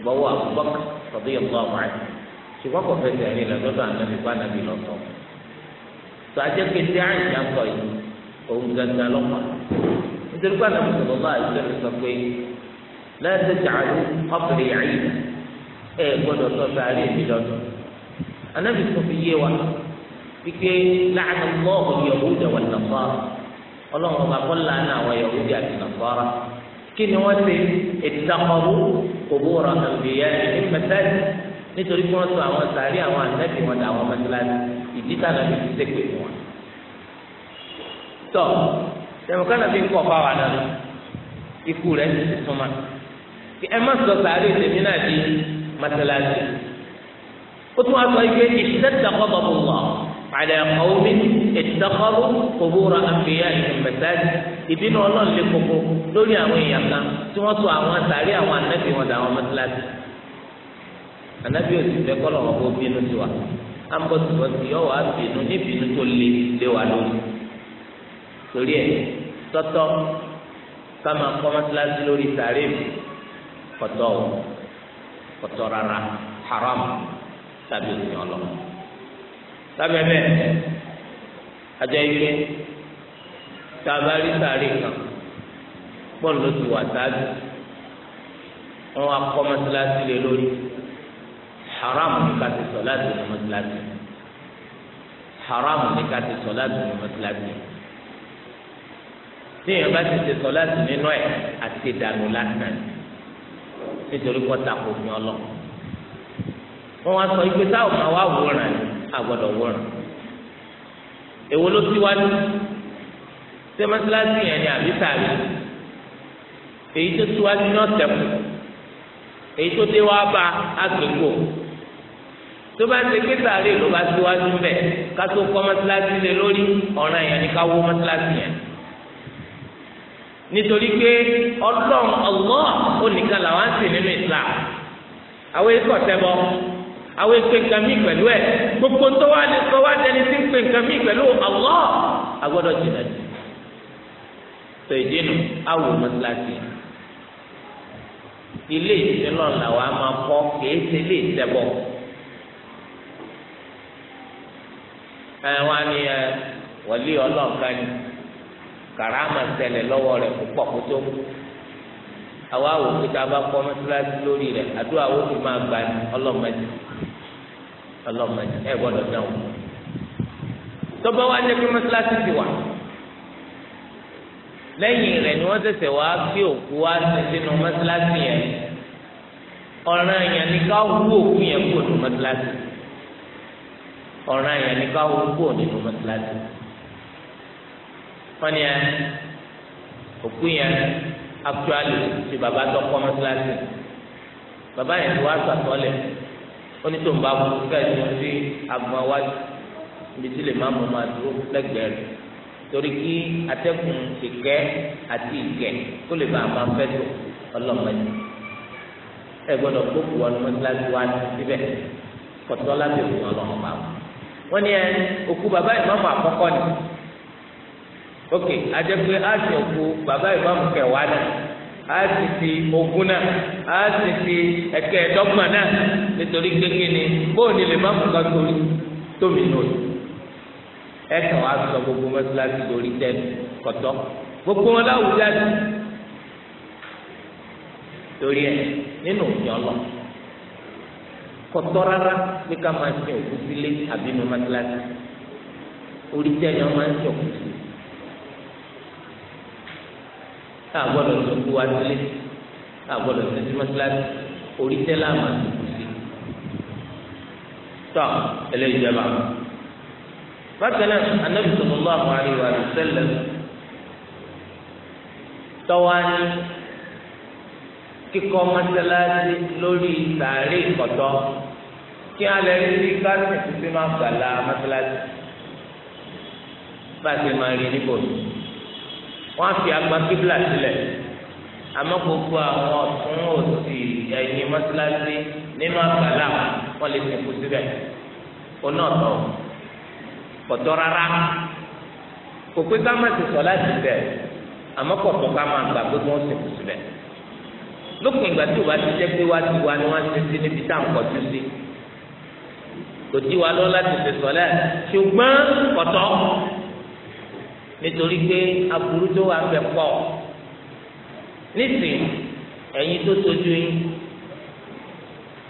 S2: bọ́wọ́ Abubakar radiyallahu anhu ṣùgbọ́n kò fẹ́ sẹ́rin lẹ̀ lọ́dọ̀ àtàbí bánàbí lọ́tọ̀ tó ajẹ́ pé tí àìsàn ń sọ yìí òun gangan lọ́pàá nítorí pé àtàbí sallallahu alaihi wa sallam sọ pé la taj'alu qabri wípé láàánú lọ́ọ̀hún yahuda wà nàfọ́ra ọlọ́run ọba kọ́ lánàá àwọn yahuda àti nàfọ́ra kí ni wọ́n ṣe ìtàkọ̀rú òbúra àbíyá ẹni mẹtẹ́ẹ̀tì nítorí kí wọ́n sọ àwọn sàárì àwọn àtẹ́tì wọn dà àwọn mẹtẹ́láàtì ìdí tànà fi ṣe pé wọn. tọ́ tẹ̀mọ̀kánà fi ń kọ́ fáwọn àná ikú rẹ̀ ti ti súnmọ́ ẹ má sọ sàárì tèmi náà di mẹtẹ́láàtì ó tún wá sọ ike ìṣẹ́tẹ̀kọ́ bọ̀ bọ̀ wọ̀ على قوم اتخذوا قبور أنبيائهم مساجد ìbínú ọlọ́run lè koko lórí àwọn èèyàn kan tí wọ́n sọ àwọn sàárẹ̀ àwọn anábì wọn dà wọn mọ́tíláṣí anábì ò sì fẹ́ kọ́ lọ́wọ́ kó bínú sí wa ambọ̀tìbọ̀tì yọ wá bínú ní bínú tó lé lé wa lórí torí ẹ tọ́tọ́ káma kọ́ mọ́tíláṣí lórí sàárẹ̀ mi kọ́tọ́ kọ́tọ́ rárá haram tàbí òsì ọlọ́run sábẹ́ bẹ́ẹ̀ ajá ike tabali sáré kan bọ́ọ̀lù ló ti wà sáájú wọn wá kọ́ mọ́sálásí lé lórí haram ní ká ti sọ láti ní mọ́sálásí haram ní ká ti sọ láti ní mọ́sálásí tí èèyàn bá ti ti sọ láti nínú ẹ̀ àti ìdànù lásán nítorí kọ́ta kò fi ọ lọ wọn wá sọ ìgbésà ọ̀gá wa wòran yìí àgbọ̀dọ̀ wọ̀rùn èwo ló síwájú ṣé mọ́sálásí yẹn ni àbí sàrí èyí tó síwájú náà tẹ̀kù èyí tó dé wá bá àgbégbò tó bá ṣe pé sàrí ló bá síwájú mbẹ kátó kọ́ mọ́sálásí lé lórí ọ̀ràn yẹn ni ká wó mọ́sálásí yẹn nítorí pé ọlọ́run ọlọ́ọ̀ ó nìkan làwọn á sì nínú ìsìlá àwọn ikọ̀ tẹ́ bọ́ àwọn èpè nǹkan mí pẹ̀lú ẹ̀ gbogbo tó wá lè sọ wá dẹni tí ń pè nǹkan mí pẹ̀lú Allah agbọ́dọ̀ jìnnà jù tó ìdí nu awò mọ́tíláṣí ilé ìsinlọ̀ làwọn a máa kọ́ kìí ṣe ilé ìsẹ́bọ̀ àwọn ni wọlé ọlọ́ọ̀kan ni kàràmà ṣẹlẹ̀ lọ́wọ́ rẹ̀ púpọ̀ kó tó mú àwọn awò kúta bá kọ́ mọ́tíláṣí lórí rẹ̀ àdúrà ó fi máa gbani ọlọ́mọdé ọlọ́mọdé ẹ gbọ́dọ̀ dáhùn tọ́ba wa jẹ́ pé mọ́sálásí ti wà lẹ́yìn rẹ̀ ni wọ́n ṣẹ̀ṣẹ̀ wá gbé òkú wá sínú mọ́sálásí yẹn ọ̀ràn yẹn ni ká wú òkú yẹn kúrò nínú mọ́sálásí ọ̀ràn yẹn ni ká wú kúrò nínú mọ́sálásí wọ́n ní ẹ òkú yẹn actually ti bàbá tó kọ́ mọ́sálásí bàbá yẹn ti wá sàtọ́lẹ̀ onítòǹba kú káyọ̀ tó fi agbọn wájú ibi tí lè má mú máa dúró lẹ́gbẹ̀ẹ́ rẹ̀ torí kí atẹ́kùn ìkẹ́ àti ìkẹ́ kó lè bá a máa fẹ́ tó ọlọ́mọdé ẹ gbọ́dọ̀ gbókù wọn mọ́tíláṣí wa síbẹ̀ kọ̀tọ́ láti òkú ọlọ́mọ bá wọn. wọ́n ní ẹ òkú bàbá ìmọ̀mù àkọ́kọ́ ni ok ajẹ́ pé á sì òkú bàbá ìmọ̀mù kẹwàá náà á sì fi ogún náà á sì fi ẹ̀kẹ́ ẹ̀dọ́gbọ̀n náà nítorí gbégbé ni bóòní lè má mú ká torí tómi nù ẹ̀kàn wá sọ gbogbo mọ́sálásí lórí tẹ́lẹ̀ kọ̀tọ́ gbogbo wọn láwùjá sí torí ẹ nínú òfin ọlọ kọtọ rárá ká máa sin òkú sílé àbínú mọ́tíláṣí orí tẹ́ ẹ̀yàn máa ń sin òkú sílé táà gbọ́dọ̀ tó kú wá sílé táà gbọ́dọ̀ tó sí mọ́sálásí orí tẹ́lá máa tó kù sí. tọ́ eléyìí jẹba bákan náà anabi sallallahu alaihi wa sallam tọ́wá ní kíkọ́ mọ́sálásí lórí sàárè ìkọ̀tọ́ kí alẹ́ rí káàsì títí máa gbàlá mọ́sálásí bá a ti máa rí níbòmí wọ́n á fi agba kíbla sílẹ̀ àmọ́ gbogbo àwọn ọ̀tún òsì ẹ̀yìn mọ́sálásí nínú àgbàlá wọ́n lè sìnkú síbẹ̀ onọ́ọ̀tọ̀ pọ̀tọ́ rárá kò pé ká má ti sọ láti bẹ̀ àmọ́ pọ̀tọ́ ká má gbà pé wọ́n sìnkú síbẹ̀ lópin ìgbà tí o bá ti jẹ́ pé wá ti wá ni wọ́n ti ti níbi tá à ń kọjú sí kò dí wa lọ́ láti fi sọ lẹ́ẹ̀ ṣùgbọ́n pọ̀tọ́ nítorí pé aburú tó wà fẹ́ pọ̀ nísìnyí ẹ̀yin tó sojú yín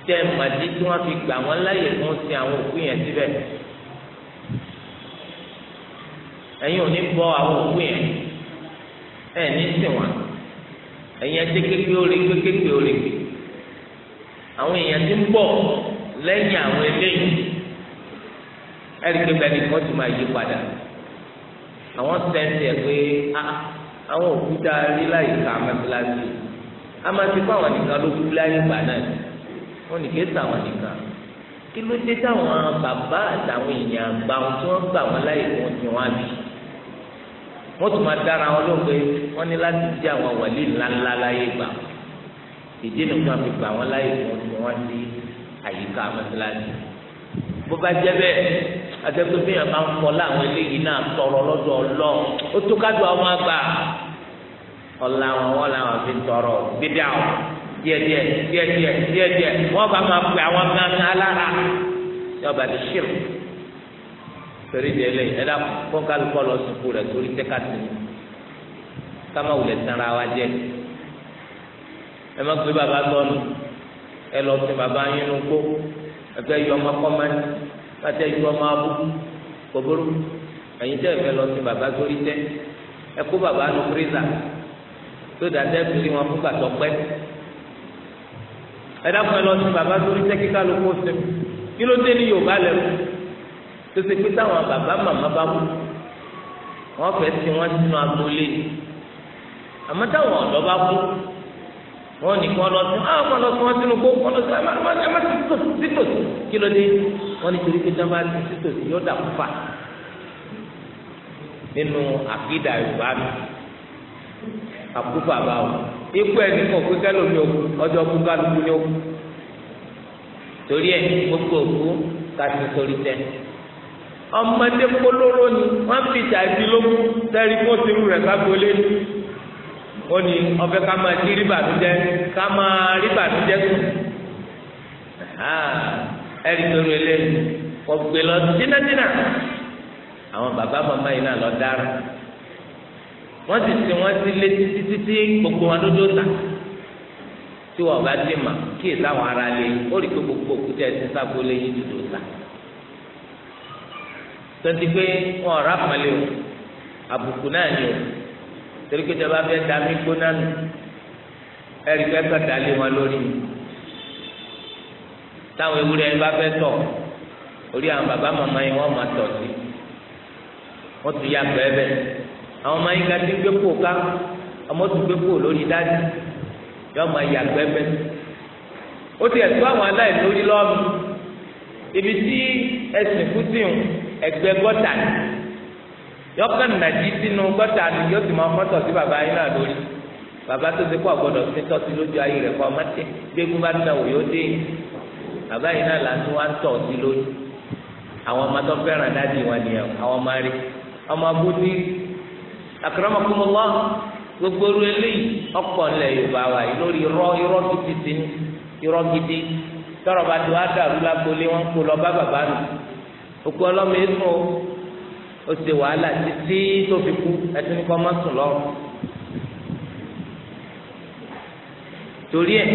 S2: tẹ màdí tí wọ́n fi gbà wọ́n láyè fún sin àwọn òkú yẹn síbẹ̀ ẹ̀yin ò ní bọ àwọn òkú yẹn ẹ̀ ní sìn wọ́n ẹ̀yin ẹtí kékeré orí kékeré orí àwọn èèyàn ti ń bọ̀ lẹ́yìn àwọn eléyìí ẹ̀rí pé bẹ́ẹ̀ ni wọ́n máa yí padà àwọn sẹ́ńtì ẹ̀ pé ah, àwọn òkúta rí láyé ká mẹ́fìlásì amasi kó àwọn nìkan ló kú láyé gbà náà wọn nìkan sọ àwọn nìkan kí ló dé táwọn bàbá àtàwọn èèyàn àgbà wọn tí wọn gbà wọn láyé wọn ti wọn àbí wọn tún máa dára wọn ló pé wọn ní láti jẹ àwọn wàlíì ńláńlá láyé gbà ìdí nìkan wọn fi gbà wọn láyé wọn ti wọn sí àyíká mẹ́fìlásì bó bá jẹ́ bẹ́ẹ̀ àtẹ̀kùn bí yàn máa ń fọ láwọn eléyìí náà tọrọ lọ́dọ̀ ọlọ́run ó tó kájú àwọn àgbà ọ̀la wọn wọn làwọn fi tọrọ gbéra ọ díẹ̀díẹ̀ díẹ̀díẹ̀ díẹ̀díẹ̀ wọn bá máa pè àwọn gángan alára yọba ti ṣírò torí di ẹlẹ́yìn ẹ̀dá kọ́ńkálùkọ́ lọ sùkú rẹ̀ torí tẹ́kàtì kámá wulẹ̀ sanra wa jẹ́ ẹ má pé bàbá gbọ́nu ẹ lọ sí bàbá yín nù kó
S1: ẹ fẹ́ yọ ọmọ kọ́ máa ń
S2: pàtẹ ju ọmọ abú kòbóró ẹ̀yin tẹ́ fẹ́ lọ sí bàbá sórí tẹ́ ẹ kó bàbá nu fírísà tó dàtẹ fìrí wọn fún gbàtọ pẹ ẹ dákun ẹ lọ sí baba, sórí tẹ́ kíkà ló kó sẹm kí ló dé ní Yorùbá lẹnu tó ṣe pé táwọn bàbá màmá bá wù wọn fẹ́ sí wọn sínú agboolé àmọ́ táwọn ọ̀dọ́ bá kú wọn nìkan lọ sí wọn lọ sí wọn sínú kó wọn lọ sí wọn ẹ má ti tòsí tòsí kí ló dé wọ́n ní torí pé dáná bá ti sísò sí yóò dà fúfà nínú àkídà yorùbá mi
S3: àkúfà bá wò
S2: ikú ẹni kò pé kẹlòmí òkú ọjọ́ kú kálukú ní òkú torí ẹ gbogbo òkú kàti sórí tẹ ọmọdé polówó ni wọn fi tàbí lóko sẹrí kó tirú rẹ kágbólé
S1: ó ní ọbẹ ká máa di rí bàtújẹ ká máa rí bàtújẹ sùn
S2: ẹ̀rí pẹ̀lú eléyìí ọ̀gbẹ lọ dínádínà àwọn bàbá màmá yìí náà lọ dára wọ́n ti sin wọ́n sí lé títí títí gbogbo wọn lójó ta tí wọ́n bá dì mà kí èsì àwọn ará lé ó rí pé gbogbo òkúta ẹ̀sìn sábó lé yìí dúdú ta tonti pé wọn rà pàlẹ́ o àbùkù náà ni o torí pé tí a bá fẹ́ gbóná nù ẹ̀rí pé ẹ̀ka dà wọn lórí mi táwọn ewúrẹ́ yẹn bá fẹ́ tọ̀ orí àwọn bàbá màmá yẹn wọ́n máa tọ̀ sí wọ́n tún yà gbẹ́ bẹ́ẹ̀ àwọn ọmọ yẹn gàdí gbé kó ká ọmọ tún gbé kó lórí dájú yọ máa yà gbẹ́ bẹ́ẹ̀ ó ti ẹ̀tọ́ àwọn aláìlórí lọ́nu ibi tí ẹsìn kùtìn ẹgbẹ́ gọ́tà ni yọkàn nàjí sínú gọ́tà ni yóò ti máa mọ́tò sí bàbá yín náà lórí bàbá tó ti kọ́ ọ̀gbọ́dọ̀ sí tọ́sí lójú ayé rẹ̀ kọ́ bàbá yìí náà là ń tún wá ń tọ̀ sí lónìí àwọn ọmọ tó fẹ́ràn dájú wọn nìyẹn àwọn ọmọ rí ọmọ abúlé akramakumullah gbogbo oru eléyìí ọ̀pọ̀ ńlẹ̀ yorùbá wa yìí lórí irọ́ irọ́ gidi ti ní irọ́ gidi tọrọ bá do ádàrú lágbolé wọn kó lọ bá bàbá nù òkú ọlọ́mọ èso ó ṣe wàhálà títí tó fi kú ẹtí ní kọ́ má lọ́rùn torí ẹ̀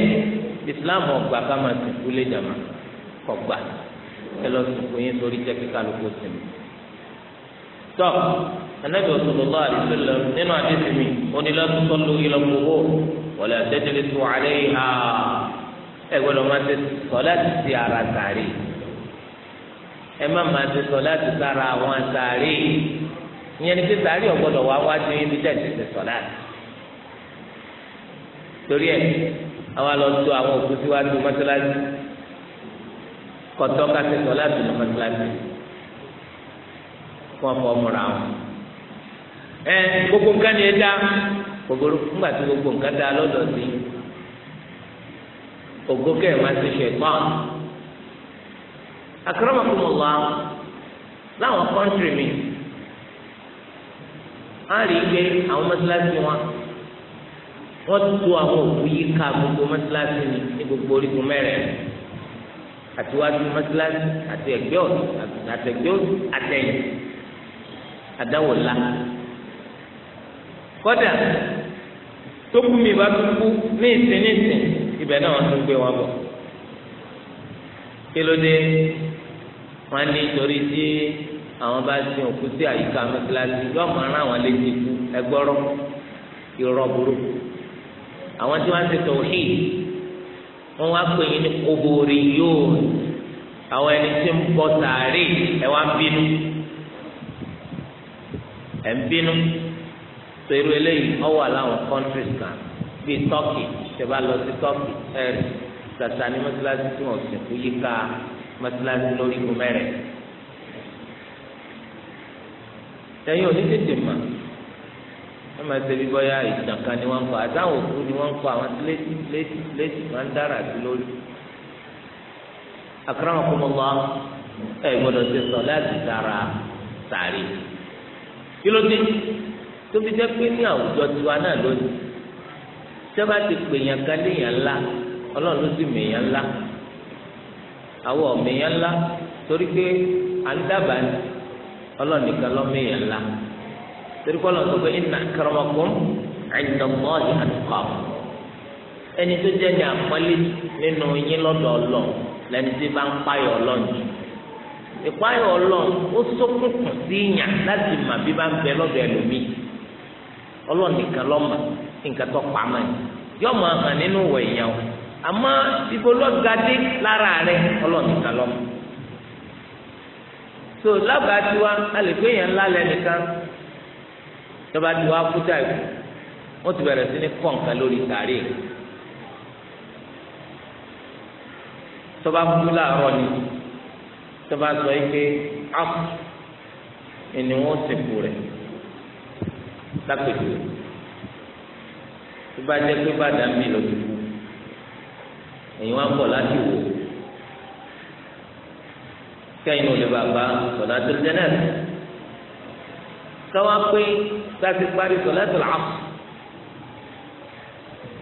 S2: islam ọgbà ká máa sìnkú lé jàmá kọgbà ẹ lọ sìnkú yín sórí jẹ́ kíkà ló kó sinmi. tọ́ anabi sallallahu alaihi wasallam nínú àdéhùn mi onílọ tó tọ́ lórí lọ́kọ̀ owó wọlé àtẹ́jẹ́lẹ́ tó alẹ́ ìhà ẹ gbọ́dọ̀ máa ṣe sọ́lá ti ti ara sàárè ẹ má máa ṣe sọ́lá ti sára àwọn sàárè ìyẹn ni pé sàárè ọ̀gbọ́dọ̀ wá wá sí ibi tẹ̀sí ṣe sọ́lá torí ẹ̀
S1: àwọn alọ tó àwọn òkú síwájú mọ́sálásí
S2: kọtọ kásẹtọ láti lọ mọ́sálásí kó ọkọ múra wọn. ẹ gbogbo nǹkan ni ẹ dá gbogbo ńgbà tí gbogbo nǹkan dá lọ́dọ̀ sí ògo kẹ́ ẹ̀ máa ti ṣe pọ́n. akramakumullah láwọn kọ́ńtìrì mi á rí i pé àwọn mọ́sálásí wọn wọ́n tún tó àwọn òkú yìí ká gbogbo mọ́sálásí ni ní gbogbo orígun mẹ́rẹ̀ àtiwájú mọ́sálásí àti ẹ̀gbẹ́ ọ̀tún àti ẹ̀gbẹ́ ọ̀tún àtẹ̀yìn àdáwò ńlá kọ́dà tó kú mi bá tún kú ní ìsìn ní ìsìn ibẹ̀ náà wọ́n tún gbé wọn bọ̀ kí ló dé wọ́n ní torí tí àwọn bá sin òkú sí àyíká mọ́sálásí yọ̀ọ́ máa rán àwọn létí ikú ẹgbọ́rọ́ irọ́ burúkú àwọn tí wọ́n ti tauhid wọ́n wá pè yín ní kóbóore yóò àwọn ẹni tí ń bọ sàárè ẹ wá ń bínú ẹ ń bínú pẹ̀lú eléyìí ọwọ́ àláwọn countries kan bíi Turkey ṣe bá lọ sí Turkey ẹ tàtà ní mọ́tíláṣí tí wọ́n sìnkú yíká mọ́tíláṣí lórí gbọmẹ́rẹ̀ ẹ̀yin ò ní tètè mọ̀ wọn máa ṣe bí bóyá ìtàn kan ni wọn ń kọ àtàwọn òkú ni wọn ń kọ àwọn létí létí létí máa ń dára sí lórí. akramakumullah ẹ gbọ́dọ̀ ṣe sọ láti dára sàárè kí ló dé tó fi jẹ́ pé ní àwùjọ tiwa náà lónìí sábà ti pè yàn ká léèyàn ńlá ọlọ́run ló sì mèèyàn ńlá àwọn mèèyàn ńlá torí pé à ń dábàá ọlọ́run nìkan ló mèèyàn ńlá. torí kọ́ lọ́n sọ pé inna akramakum inda ẹni tó jẹ́ ní àpọ́nlé nínú yín lọ́dọ̀ ọlọ́ lẹ́ni tí bá ń páyọ̀ ọlọ́ọ̀jù ìpáyọ̀ ọlọ́ọ̀n ó sókùnkùn sí ìyàn láti mà bí bá ń bẹ lọ́dọ̀ ẹlòmíì ọlọ́ọ̀n nìkan lọ́mà nǹkan tó pamọ́ ẹ̀ yọ mọ hàn nínú o àmọ́ ìgbólọ́gadé lára rẹ̀ ọlọ́ọ̀n nìkan lọ́mà so lábàá tiwa èèyàn ńlá lẹ́nìkan tọ́ba tí wàá kú táì kú wọ́n ti bẹ̀rẹ̀ sí ní kọ̀ǹkan lórí sàárè tọ́ba kú láàárọ̀ ni tọ́ba sọ yìí pé áàpù ẹni wọ́n sìnkú rẹ̀ lápẹ̀jù tó bá jẹ́ pé bàdà mi lọ ti kú ẹ̀yin wá bọ̀ láti wò kẹ́yìn olè bàbá bọ̀ láti náà káwá pé láti parí sọ̀láṣọ̀ làásù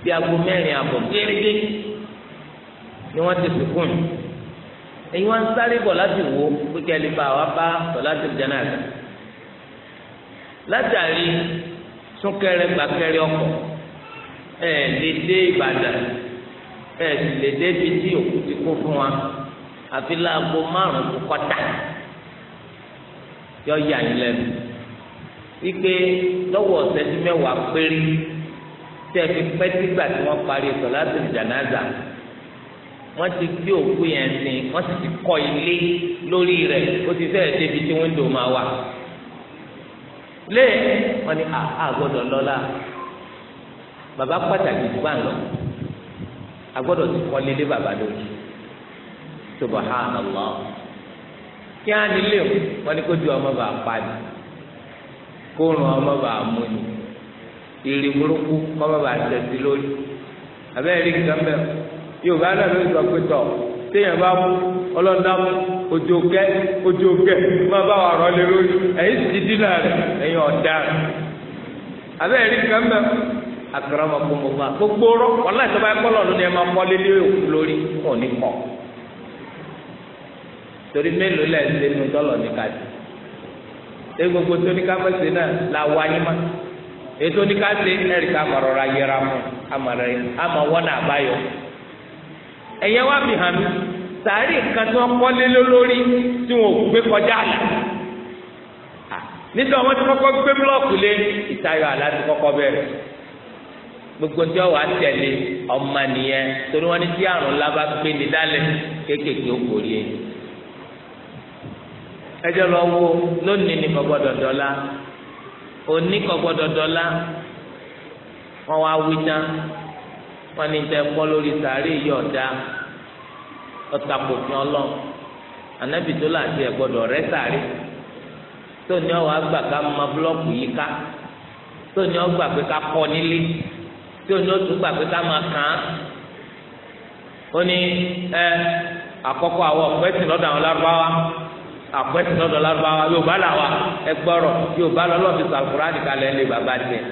S2: bí aago mẹ́rin àbọ̀ gẹ́gẹ́ ni wọ́n ti fi kún ẹ̀yin wọ́n ń sáré bọ̀ láti wò ó pé kẹ́lí bá wa bá sọ̀láṣọ̀ jánásà látàrí súnkẹrẹ gbàkẹrẹ ọkọ̀ ẹ̀ lè dé Ìbàdàn ẹ̀ sì lè dé ibi tí òkú ti kú fún wa àfi láago márùn-ún kọ́tà yọ yà ní lẹ́nu wípé lọ́wọ́ ọ̀sẹ̀dí mẹ́wàá péré tí ẹ fi pẹ́ sígbà tí wọ́n parí sọ̀láṣì jánásà wọ́n ti gbé òkú yẹn sin wọ́n sì ti kọ́ ilé lórí rẹ̀ ó ti fẹ́ẹ̀ débi tí wíńdò máa wà lé wọ́n ní àgbọ́dọ̀ lọ́la bàbá pàtàkì gbà lọ àgbọ́dọ̀ ti kọ́ lélé bàbá lórí subahánàlá kí á nílé wọ́n ní kó ju ọmọ bàá pa ni kóòrùn ọmọ bàá mú ni ìrì burúkú kọ́mọ bàá tẹ̀sí lórí abẹ́rẹ́ rí nǹkan bẹ́ẹ̀ yorùbá náà ló sọ pé tọ̀ téèyàn bá mú ọlọ́dàmú ojú kẹ́ ojú kẹ́ má bá wà rọ́lé lórí ẹ̀yìn sì dínà rẹ̀ ẹ̀yìn ọ̀dà rẹ̀ abẹ́rẹ́ rí nǹkan bẹ́ẹ̀ akarama kumuma gbogbo rọ wàlá ìtọ́ba ẹ̀kọ́ lọ́dún ni ẹ máa kọ́lé lé òkú lórí òní kọ́ torí mélòó lẹ́yìn lẹ́nu dọ́lọ̀ ní káàdì ṣé gbogbo tó ní ká fẹsẹ̀ náà la wá yín má ètò ní ká ṣe ẹ̀rí ká mọ̀rọ̀ ra yẹra fún amọ̀rẹ́ àmọ̀ wọ́n náà báyọ̀ ẹ̀yẹ wá fi hàn mí sàárì kan tí wọ́n kọ́lé lórí tí wọ́n ò gbé kọjá àlà nítorí àwọn tí kọ́kọ́ gbé búlọ́ọ̀kù lé ìtayọ̀ àlá ti kọ́kọ́ bẹ̀rẹ̀ gbogbo tí wọ́n wà ọmọ nìyẹn torí wọ́n ní tí àrùn lábá gbé ní dálẹ̀ kéékèèké ó kórìí ẹjọ́ lọ wo lónìí ní kọ̀gbọ́dọ̀ dọ́là òní kọ̀gbọ́dọ̀ dọ́là wọn wá wí ní tẹ lórí sàárè yìí ọ̀dà ọ̀tàkùnfin ọlọ́run ànábì tó láti ẹ̀ gbọ́dọ̀ rẹ́ sàárè tó ní ọwọ́ àgbà ká ma búlọ́ọ̀kù yìí ká tó ní ọwọ́ gbà pé ká àpẹẹsì lọ́dọ̀ lárúbáwá yorùbá làwà ẹgbọrọ yorùbá lọlọfi sàkúránì kalẹ̀ lé bàbá tiẹ̀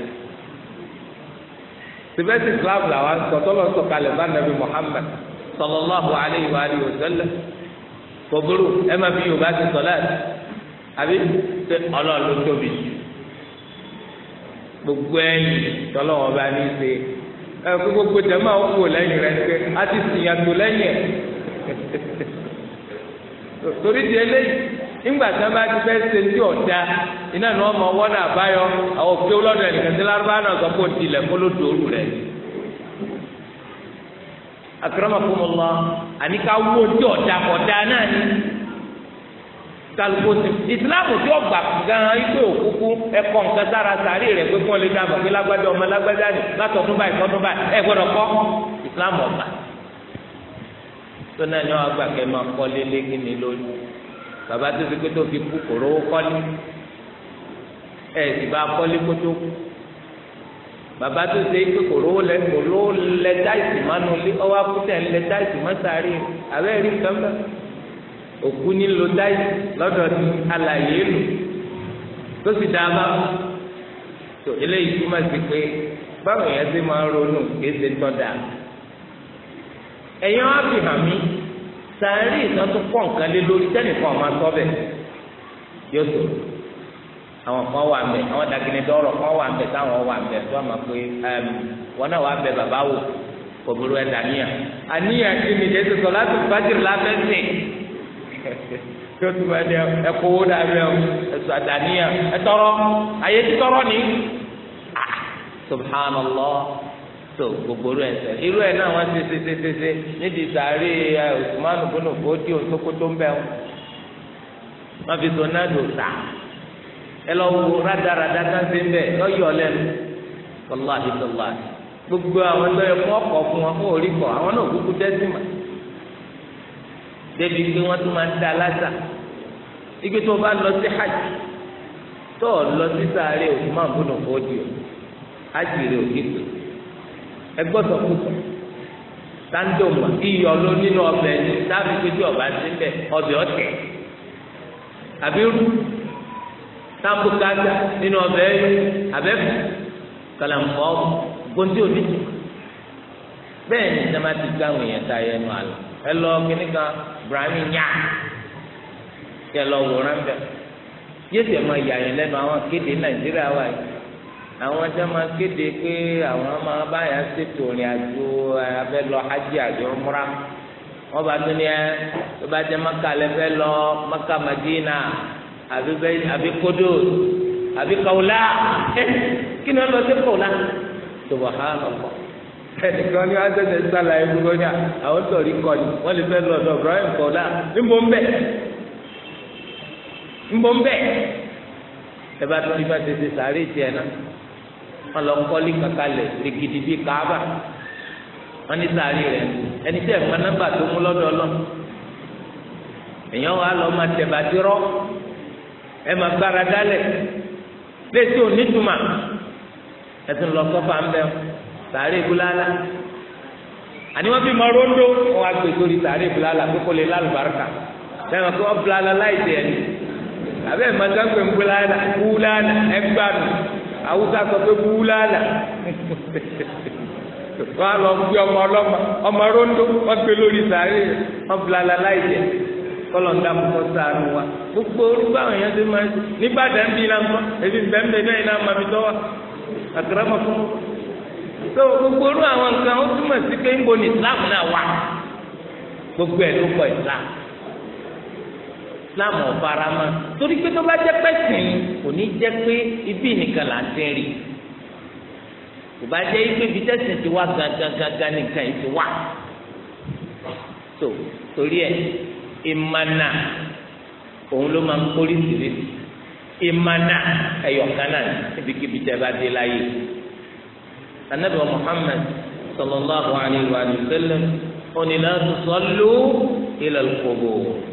S2: sibẹsi islam làwà sọtọlọ sọ̀kalẹ̀ bá nàbí muhammad sallallahu alayhi wa alihi wa sallam kòbúrú ẹ má fi yorùbá ti sọlá àbí ṣe ọlọ́ọ̀lù tóbi gbogbo ẹ̀yìn tọ́lọ́wọ́ bá ní í ṣe ẹ gbogbo jẹ́ máa wò lẹ́yìn rẹ̀ ṣe á ti sìyàn tó
S1: [LAUGHS] torí di eléyìí nígbà tí wọn bá ti fẹ́ ṣe tí ọ̀dà iná ni wọn mọ wọ́n
S2: àbáyọ àwọn òkè ọlọ́dọ̀ ẹnìkan tí lárúbá náà sọ pé òtí ilẹ̀ kólódò òru rẹ̀. akramakumullah àníká wó tí ọ̀dà kọ̀dà náà ni kalukosi ìsìláàmù tí ọgbà gan ikú òkúkú ẹkọ nǹkan sára sàárì rẹ pé kí wọn lè dáàbò pé lágbájá ọmọ lágbájá ni látọdún báyìí tọdún báyìí ẹ gbọ́dọ̀ kọ ìsìláàmù ọgbà tó náà ní wọn gbà kẹ́ máa kọ́lé lẹ́gìnì lórí bàbá tó fi pé tó fi kú kòró kọ́lé ẹ̀ sì bá kọ́lé kótó kú bàbá tó ṣe pé kò lówó lẹ kò lówó lẹ dáìsì mánu lé ọwọ́ akútẹ lẹ dáìsì mọsàárì àbẹ rí nǹkan bẹ òkú nílò dáìsì lọ́dọ̀ ní alàyè lò tó sì dá a bá tó eléyìí túmọ̀ sí pé báwo yẹn ṣe máa ronú kéde tọ́ da ẹ̀yin wá fi hàn mí sàárì ìtàn tó pọ̀ nǹkan lé lórí tẹ́nìkan ọ̀ma sọ bẹ́ẹ̀ yóò tó àwọn kan wà mẹ́ àwọn dàgìnì dọ́rọ̀ kan wà mẹ́ táwọn wà mẹ́ tó àmà pé wọn náà wà bẹ bàbá wò kò burú dàníyà àníyàn ti mi jẹ́ sọ̀tọ̀ láti fàjìrì lábẹ́ sìn tó bá dẹ ẹkọ owó dàbí ẹ ẹsọ àdàníyà ẹ ayé ti tọrọ ni ah, subhanallah. tó gbogbo rẹ ẹsẹ irú ẹ náà wọn ti ṣe ṣe ṣe ṣe níbi sàárè Usman otu fòdì òṣòkòtò ń bẹ wọn wọn fi so náà ẹ lọ wo rádaràdá kan ṣe ń bẹ gbogbo àwọn tó yẹ fún ọkọ fún wọn fún àwọn náà kúkú tẹsí débi pé wọn tún máa lọ sí hajj tó lọ sí hajj rẹ ẹgbọ́sọ̀ kùtọ̀ sáńdọ̀mù iyọ̀ ló nínú ọbẹ̀ ní sábì pé tí ọba ti ń bẹ̀ ọbẹ̀ ọ̀tẹ̀ àbírú sábùkátà nínú ọbẹ̀ ẹ̀yọ àbẹ́fù kàlàǹfọ̀ gbòǹdì òdìjì bẹ́ẹ̀ ni sẹ́mà ti gbá àwọn èèyàn ta ẹnu àlọ́ ẹ lọ kíní kan brahmi nyà kí ẹ lọ wòran bẹ́ẹ̀ yéèdè máa yà yẹn lẹ́nu àwọn kéde Nàìjíríà wáyé. àwọn tí máa kéde pé àwọn ọmọ báyà ṣètò ìrìn àjò lọ hajj àjò múra wọn bá tún ní ẹ tó bá jẹ maka lẹfẹ lọ maka madina àbí bẹ àbí kawla ẹ kí ni wọn lọ sí kawla subahánàlá ẹnìkan ní wọn tẹsẹ sálà ẹ gbogbo ní àwọn ni lè lọ ẹ wọn lọ kọ́lé kankalẹ̀ rigidi bíi kaaba wọn ní sáré rẹ ẹni tẹ́ ẹ̀ mọ nọ́mbà tó mú lọ́dọ̀ lọ èèyàn wa lọ máa tẹ̀bàtì rọ ẹ máa gbára dálẹ̀ létí onídùúmà ẹtùn lọ sọ́fà ń bẹ̀ sáré bulala àní wọn fi mọ rondo wọn agbè sórí sáré bulala kókó lè lálùbáríkà lẹ́yìn wọn kó bulala láì tẹ̀ ẹ́ ní abẹ́ ẹ̀ gbàgbé bulala ẹgbàá nù. Awúsá sọ pé búláàlà wọ́n á lọ gbé ọmọ ọlọ́mọ ọmọ rondo wọ́n gbé lórí sàárè wọ́n blala láì jẹ kọ́lọ̀ ń dààmú kọ́ sàánú wa gbogbo orúkọ àwọn èèyàn ti máa ń nígbàdàn bí iná mọ́ èmi bẹ́ẹ̀ bẹ́ẹ̀ náà máa mi tọ́ wa àkàràmọ̀ fún mi. tó gbogbo orú àwọn nǹkan ó túmọ̀ sí pé ń bo ní Islam náà wà gbogbo ẹ̀ ló kọ Islam islam ọ̀fara mọ́ torí pé tó bá jẹ́ pẹ́ sìn kò ní jẹ́ pé ibi nìkan là ń tẹ́ rí kò bá jẹ́ pé ibi tẹ́sìn ti wá gangan nìkan yìí ti wá tó torí ẹ̀ ìmànà òun ló máa ń kórì sílẹ̀ ìmànà ẹ̀yọ̀kan náà ibikíbi tẹ́ bá dé láyé anabi muhammed sallallahu alayhi wa sallam onílànà sọlú ilal qubur.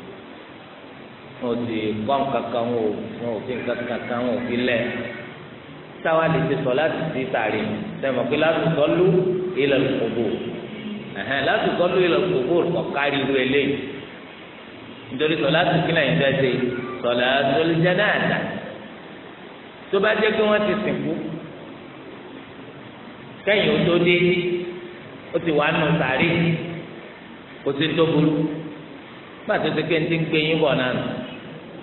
S2: wọn ò sì kọ́ nǹkan kan wọn ò wọn ò fi nǹkan kan kan wọn ò fi lẹ̀ sáwa lè ti sọ láti ti tààrí sẹ́mi pé láti sọ́lú ilẹ̀ kòkó láti sọ́lú ilẹ̀ kòkó ọ̀kárí irú eléyìí nítorí sọ láti kílẹ̀ yín fẹ́ ṣe sọ̀lá sọ́lú jẹ́ náà dà tó bá jẹ́ pé wọ́n ti sìnkú kẹ́yìn ó tó dé ó ti wà nù tààrí kò sí tó burú pàtó ti pé ń ti ń gbé yín bọ̀ náà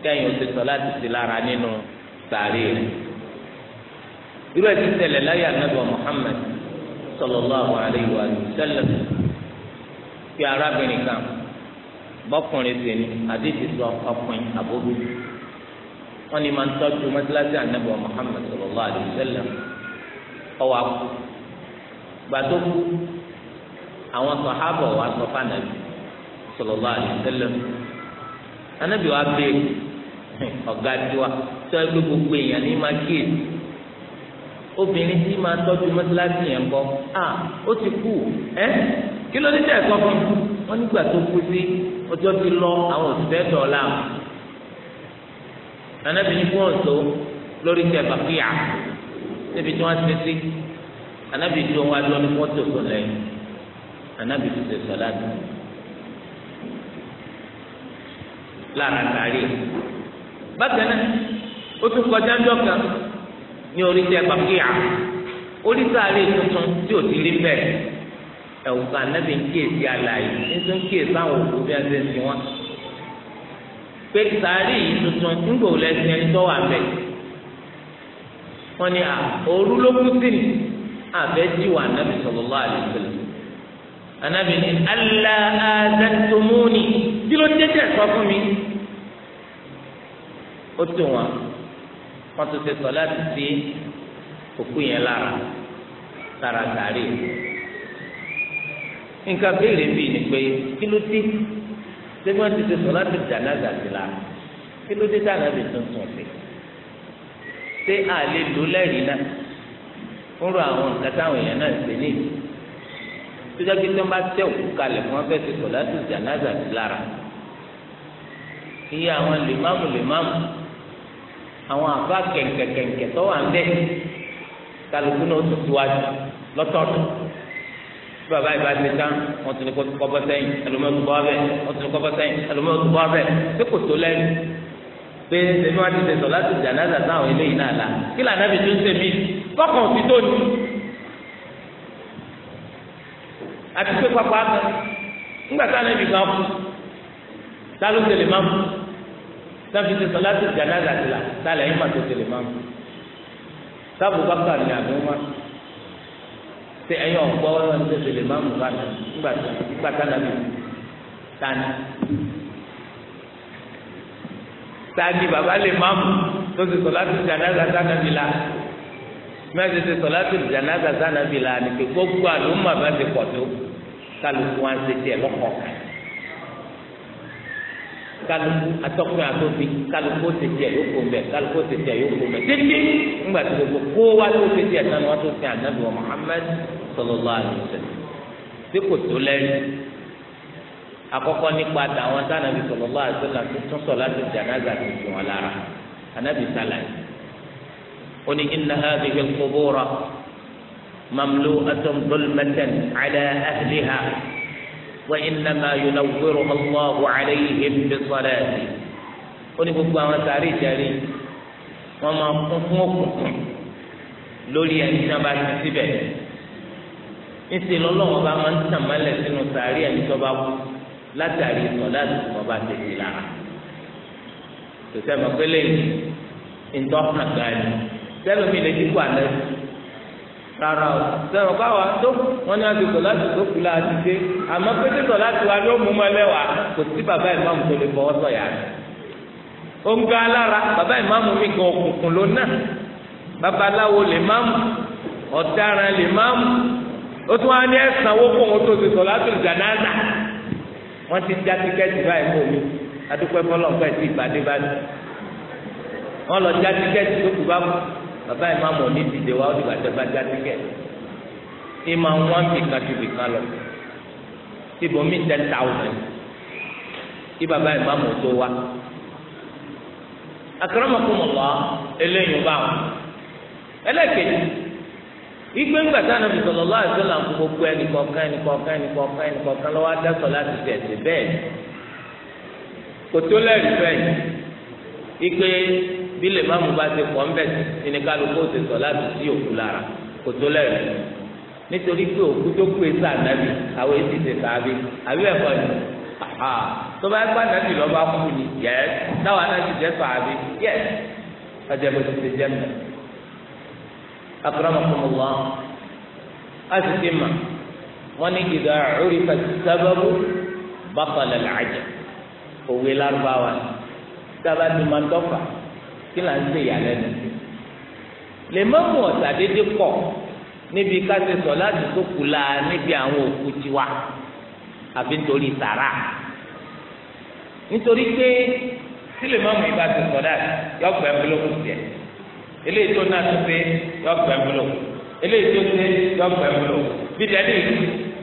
S2: kẹ́yìn oṣù sọ láti sí lára nínú sàárè rẹ̀ irú ẹ̀ ti ṣẹlẹ̀ láyé anábọ̀ Muhammad sallallahu alayhi wa sallam kí arábìnrin kan bọ́kùnrin sí ni àdéhì sọ ọkùnrin àbóbí wọn ni máa ń tọ́jú mọ́tíláṣí anábọ̀ Muhammad sallallahu alayhi wa sallam ọwọ́ àkú gbàtó kú àwọn sọ̀hábọ̀ wà sọ fún anabi sallallahu alayhi wa ọ̀gá tiwa tó ẹgbẹ́ gbogbo èèyàn ní máa kíyèsí obìnrin tí máa tọ́jú mọ́tíláṣí yẹn kọ́ à ó ti kú ẹ́ kí ló ní tẹ̀ sọ fún mi wọ́n nígbà tó kú sí ọjọ́ ti lọ àwọn òṣìṣẹ́ tọ̀ la anábìrin fún ọ̀ṣọ́ lórí tẹ̀ bàkíyà níbi tí wọ́n ti sí anabi tó wá lọ ní mọ́tò tó lẹ́yìn anabi tó ṣe sọ́láàtì lára kárí bákan náà ó tún kọjá ńjọ kan ní orí tẹ bàkíyà orí sáré tuntun tí ò ti rí bẹ́ẹ̀ ẹ̀wù kan nẹ́bí ń kíyèsí àlàyé nítorí ń kíyèsí àwọn òkú bí wọ́n ṣe ń sin wọn pé sáré yìí tuntun ńgbò lẹ́sìn ẹni tó wà bẹ́ẹ̀ wọ́n ní òru ló kú sí ni àbẹ́jì wà nẹ́bí sallallahu alaihi anábìíní alá àdàtúmúni ló dé tẹ̀ sọ fún mi ó tó wọn wọn tó ṣe sọ láti sí òkú yẹn lára lára sàárè nǹkan béèrè bíi ni pé kí ló dé ṣé wọn ti ṣe sọ láti dáná gàdí la kí ló dé dáná bíi tuntun sí ṣé àlè ló lẹ́rìí náà ń ro àwọn nǹkan táwọn èèyàn náà ṣe ní ìlú sójà pé tí wọn bá tẹ òkú kalẹ̀ fún wọn fẹẹ ti sọ láti jànáza sí lára iye àwọn lèmámù lèmámù àwọn àbá kẹ̀kẹ̀kẹ̀kẹ̀ tó wà ń bẹ̀ kálukú náà ti tiwájú lọ́tọ̀ọ̀tọ̀ bí baba yìí bá ti tán wọ́n ti ní kọ́bọ́ sẹ́yìn ẹlòmíràn tó bọ́ abẹ́ wọ́n ti ní kọ́bọ́ sẹ́yìn ẹlòmíràn tó bọ́ abẹ́ pé kò tó lẹ́nu pé sẹ́mi wá ti sẹ̀sọ̀ láti jà náà sáwọn eléyìí náà la kí lànà bí tó ń sẹ́mi fọ́kàn ti tó ni àti pé pápá ńgbà tá a lè fi fún ta ló tẹ̀lé fún táfi ti sọ láti jàdá àgàtìlà sálẹ̀ yín màtó tẹ̀lé máa mú sábò bàbá ni àbí wọn ṣe ẹ̀yin ọ̀gbọ́ wọn ti tẹ̀lé máa mú bàtà nígbà tá nàbí tani tani bàbá lè máa mú tó ti sọ láti jàdá àgàtìlà nàbí la mẹ́tẹ̀ẹ́ ti sọ láti jàdá àgàtìlà nàbí la ni pé gbogbo àlùmọ̀ bá ti pọ̀ tó kálukú wọn ti tẹ̀ lọ́kọ̀ọ̀kan kálukú atọ́kùn àtòbí kálukú ó tètè ẹ̀ yókù mbẹ kálukú ó tètè ẹ̀ yókù mbẹ títí ńgbà tó gbogbo kó wa tó tètè ẹ̀ sanu wa tó fi ànábì wa Muhammad sallallahu alaihi wasallam tí kò tó lẹ́rìí àkọ́kọ́ nípa tàwọn sànàbì sallallahu alaihi wasallam tó tún sọ láti jànáza tó fi wọn lára ànábì sàlàyé ó ní inna hadhihi al-qubura mamlu'atun dhulmatan ala ahliha. وإنما ينورها الله عليهم بصلاته oni gbogbo àwọn sáré ìjàre wọn máa kún fún òkùnkùn lórí ẹni tí wọn bá ti síbẹ̀ níṣẹ lọlọrun bá máa ń tàn mọ́lẹ̀ sínú sáré ẹni tó bá kú látàrí ìsọdá tí wọn bá ti sí lára tòṣẹ mọ pé lẹ́yìn ntọ́ hàn gan ni sẹlómi lè dínkù àná sí rárá o sẹ́wọ̀n kó àwọn tó wọ́n ní àdìgbò láti tó kú láti dé àmọ́ pété sọ láti wá ní òmùmọ́ ẹlẹ́wàá kò sí bàbá ìmáàmù tó lè fọwọ́ sọ̀yà rẹ̀ ó ń gbá alára bàbá ìmáàmù mi gan òkùnkùn ló náà babaláwo lè máàmù ọ̀daràn lè máàmù ó tún wá ní ẹ̀sán owó kó wọn tó ti sọ láti jànáza wọ́n ti já tíkẹ́ẹ̀tì báyìí fún mi adúpẹ́ fọlọ́ọ̀pẹ́ tí ìbàdí bá ní wọ́n lọ já tíkẹ́ẹ̀tì tó kù bá mú bàbá ìmáàmù òní dìde wa ó dìgbà tẹ bá já tíkẹ̀ ẹ máa ń wá bìkan ju bìkan lọ síbò mí ten thousand kí bàbá ìmáàmù tó wá akramakumullah eléyìí bá wọn ẹlẹ́kẹ̀ẹ́ igbe ńgbà tí anabi sallallahu alaihi wasallam gbogbo ẹnìkọ̀ọ̀kan ẹnìkọ̀ọ̀kan ẹnìkọ̀ọ̀kan ẹnìkọ̀ọ̀kan lọ́wọ́ adásọ láti tẹ̀sí bẹ́ẹ̀ kò tó lẹ́rìí bẹ́ẹ̀ igbe bí lè máàmù bá ti pọ̀ ńbẹ̀ ní kálukú ti sọ láti sí òkú lára kò tó lẹ́rìn nítorí pé òkú tó kú èsì ànábì àwọn èsì ti sàábì àbí ẹ̀kọ́ ni tó bá gbá ànábì lọ́ba kú ni yẹ táwọn ànábì jẹ́ sàábì yẹ ọjà bó ti ti jẹ́ mọ́ akramakumullah asi ti ma wọn ní ìdá òrìfà sábàbù bàtàlẹ̀ làjà òwe lárúbáwá sábà máa ń dọ́fà kí là ń gbé ìyàlẹ́nu lè má mú ọ̀sà dédé pọ̀ níbi ká ṣe sọ láti tó kù la níbi àwọn òkú tiwa àfi nítorí sàrà nítorí pé tí lè má mú ibà ṣe sọ dáàbì yọ gbẹ ńbúlọ́kù tiẹ̀ eléyìí tó náà tó pé yọ gbẹ ńbúlọ́kù eléyìí tó ṣe yọ gbẹ ńbúlọ́kù bí dẹ́lẹ̀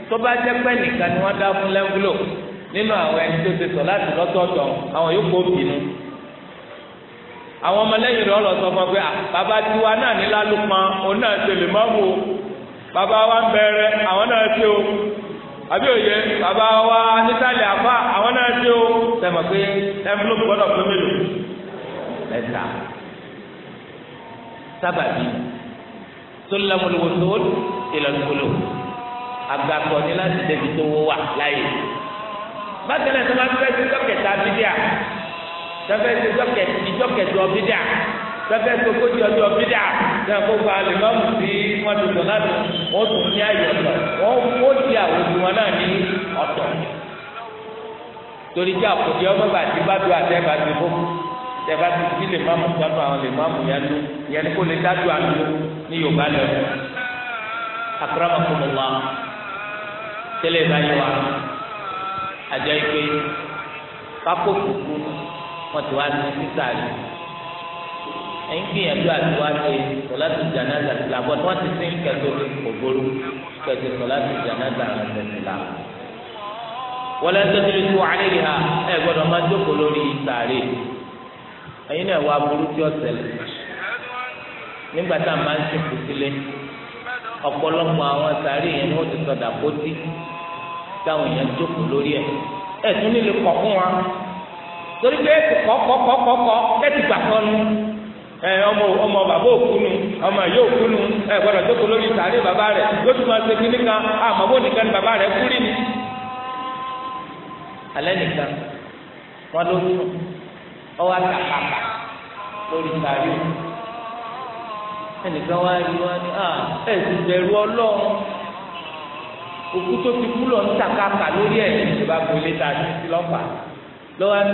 S2: tó bá jẹ́ pẹ́ nìkan ni wọ́n dá fún lẹ́ńbúlọ́kù nínú àwọn ẹni tó ṣe sọ láti lọ́tọ̀ọ̀tọ̀ àwọn yòókù òbí nu àwọn ọmọlẹ́yìn rẹ̀ ọ̀rọ̀ sọ fún ọ pé bàbá tiwa náà ní lálùpọ̀n òun náà ṣe lè mọ́mú o
S1: bàbá wa ń bẹ̀rẹ̀ àwọn náà ṣe o àbí òye bàbá wa nítàlẹ̀ àbá àwọn náà ṣe o sẹ́mọ̀ pé envelope gbọ́dọ̀ pé mélòó
S2: lẹ́tà sábàbí sólùlámùlùwòsòwò ìlànàmùlò àgbàkọ ní láti tẹ̀sí tó wà láàyè
S1: bákan náà sọ ma fẹ́ sí tẹfẹ ṣe jọkẹ ìjọkẹjọ
S2: bídà tẹfẹ ṣe ogójì ọjọ́ bídà tẹfẹ gbogbo alimọmù sí wọn ti sọlá tó wọn tún ní ayé ọ̀tọ̀ wọn ó di àwọn òbí wọn náà ní ọ̀tọ̀ torí kí àpòjẹ ọmọ bàtí bá do àtẹgbà ti fún tẹfẹ ti fi lè mọmù sọnù àwọn lè mọmù yẹn tó yẹn kó lè dá do àdó ní Yorùbá lẹ akramakumullah tẹlẹ báyìí wa àjọ ìpè kakó kúkú wọn ti wá sí sísá rí
S1: ẹ̀yin gbìyànjú àti wá sí sọláàtì jànáza làbọ tí wọn ti sí kẹtó
S2: ògbóró kẹtó sọláàtì jànáza àtẹsí là wọlé tẹtiri tó alẹ́ yìí ha ẹ gbọ́dọ̀ máa jókòó lórí sàárè ẹ̀yin náà wá burú tí ó ṣẹlẹ̀ nígbà tá a máa ń sìnkú sílé ọ̀pọ̀lọpọ̀ àwọn sàárè yẹn ni wọ́n ti sọdà kó tí táwọn èèyàn jókòó lórí ẹ̀ ẹ̀ tún nílé kọ̀ wa
S1: torí pé kọ́kọ́kọ́kọ́ kẹ́tì gbàgbọ́
S2: nu ọmọ ọmọ bàbá òkúnu ọmọ ìyá òkúnu ẹ gbọ́dọ̀ tó kó lórí ìtàrí bàbá rẹ yóò tún máa ṣe kíní kan àmọbó nìkan ni bàbá rẹ kúrì ní. alẹ́ nìkan wọn ló sùn ọwọ́ àtàkàkà lórí ìtàrí ẹnìkan wá rí wọn ni ẹ ti bẹ̀rù Ọlọ́run òkú tó ti kú lọ ń tàkàkà lórí ẹ̀ ní ìbá gbolé tàbí sí lọ́pàá lọ́wọ́ ni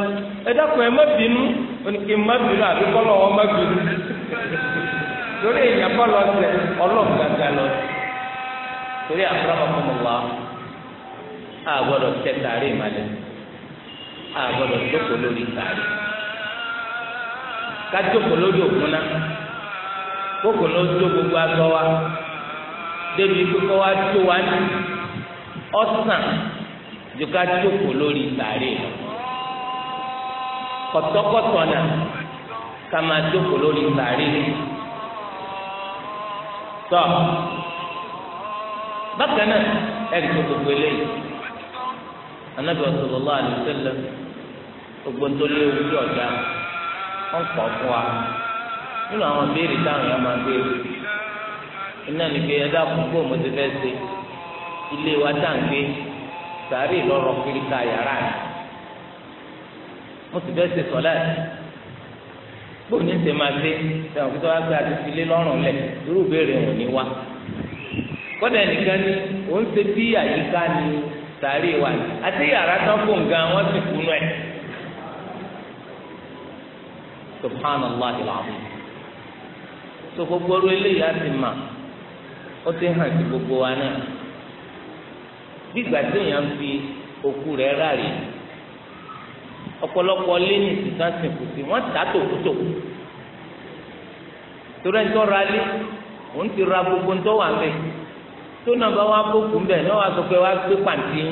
S2: ẹ dákun ẹ má bínú oníke má bínú àbí kọ́lọ̀ wọn má bínú
S1: lórí èèyàn bá lọ sẹ ọlọ́ọ̀bù gàgà lọ
S2: torí àbúrò fún wa a gbọ́dọ̀ tẹ tàrí ìmàlẹ̀ a gbọ́dọ̀ jókòó lórí tàrí ká jókòó lórí òkun náà kókò ló tó gbogbo agbọ wa débi kókò wa tó wa ní ọ̀sán ju ká jókòó lórí tàrí lọ. kọtọkọtọna kama doko lórí sàárì tọ
S3: bákan náà ẹrí tó gbogbo eléyìí
S2: anabi sallallahu alaihi gbogbo tó lé ojú ọjà wọn kọ fún wa nínú àwọn béèrè táwọn yẹn máa béèrè iná ní pé ẹdá púpọ̀ mo ti fẹ́ wa lọ́rọ̀ kiri ká yàrá mo sì bẹ́ẹ̀ ṣe sọ́lá ẹ̀ ní ṣe máa ṣe àti filé lọ́rùn lẹ̀ wọn wá kọ́dà nìkan ni ó ń ṣe bí àyíká ni wa àti yàrá tán fò ń gan wọ́n sì kúnú ẹ̀ subhanallah alazim so gbogbo eléyìí mà ó ti hàn sí gbogbo wa náà bí ìgbà tí ọ̀pọ̀lọpọ̀ lẹ́ni ìsìnkán sìnkú sí wọ́n tà tòkútò torí ẹni tó ra lé òun ti ra gbogbo ńtọ́ wà mẹ́ tó náà bá wà bókù mbẹ́ náà wà sọ pé wà gbé pàǹtí yín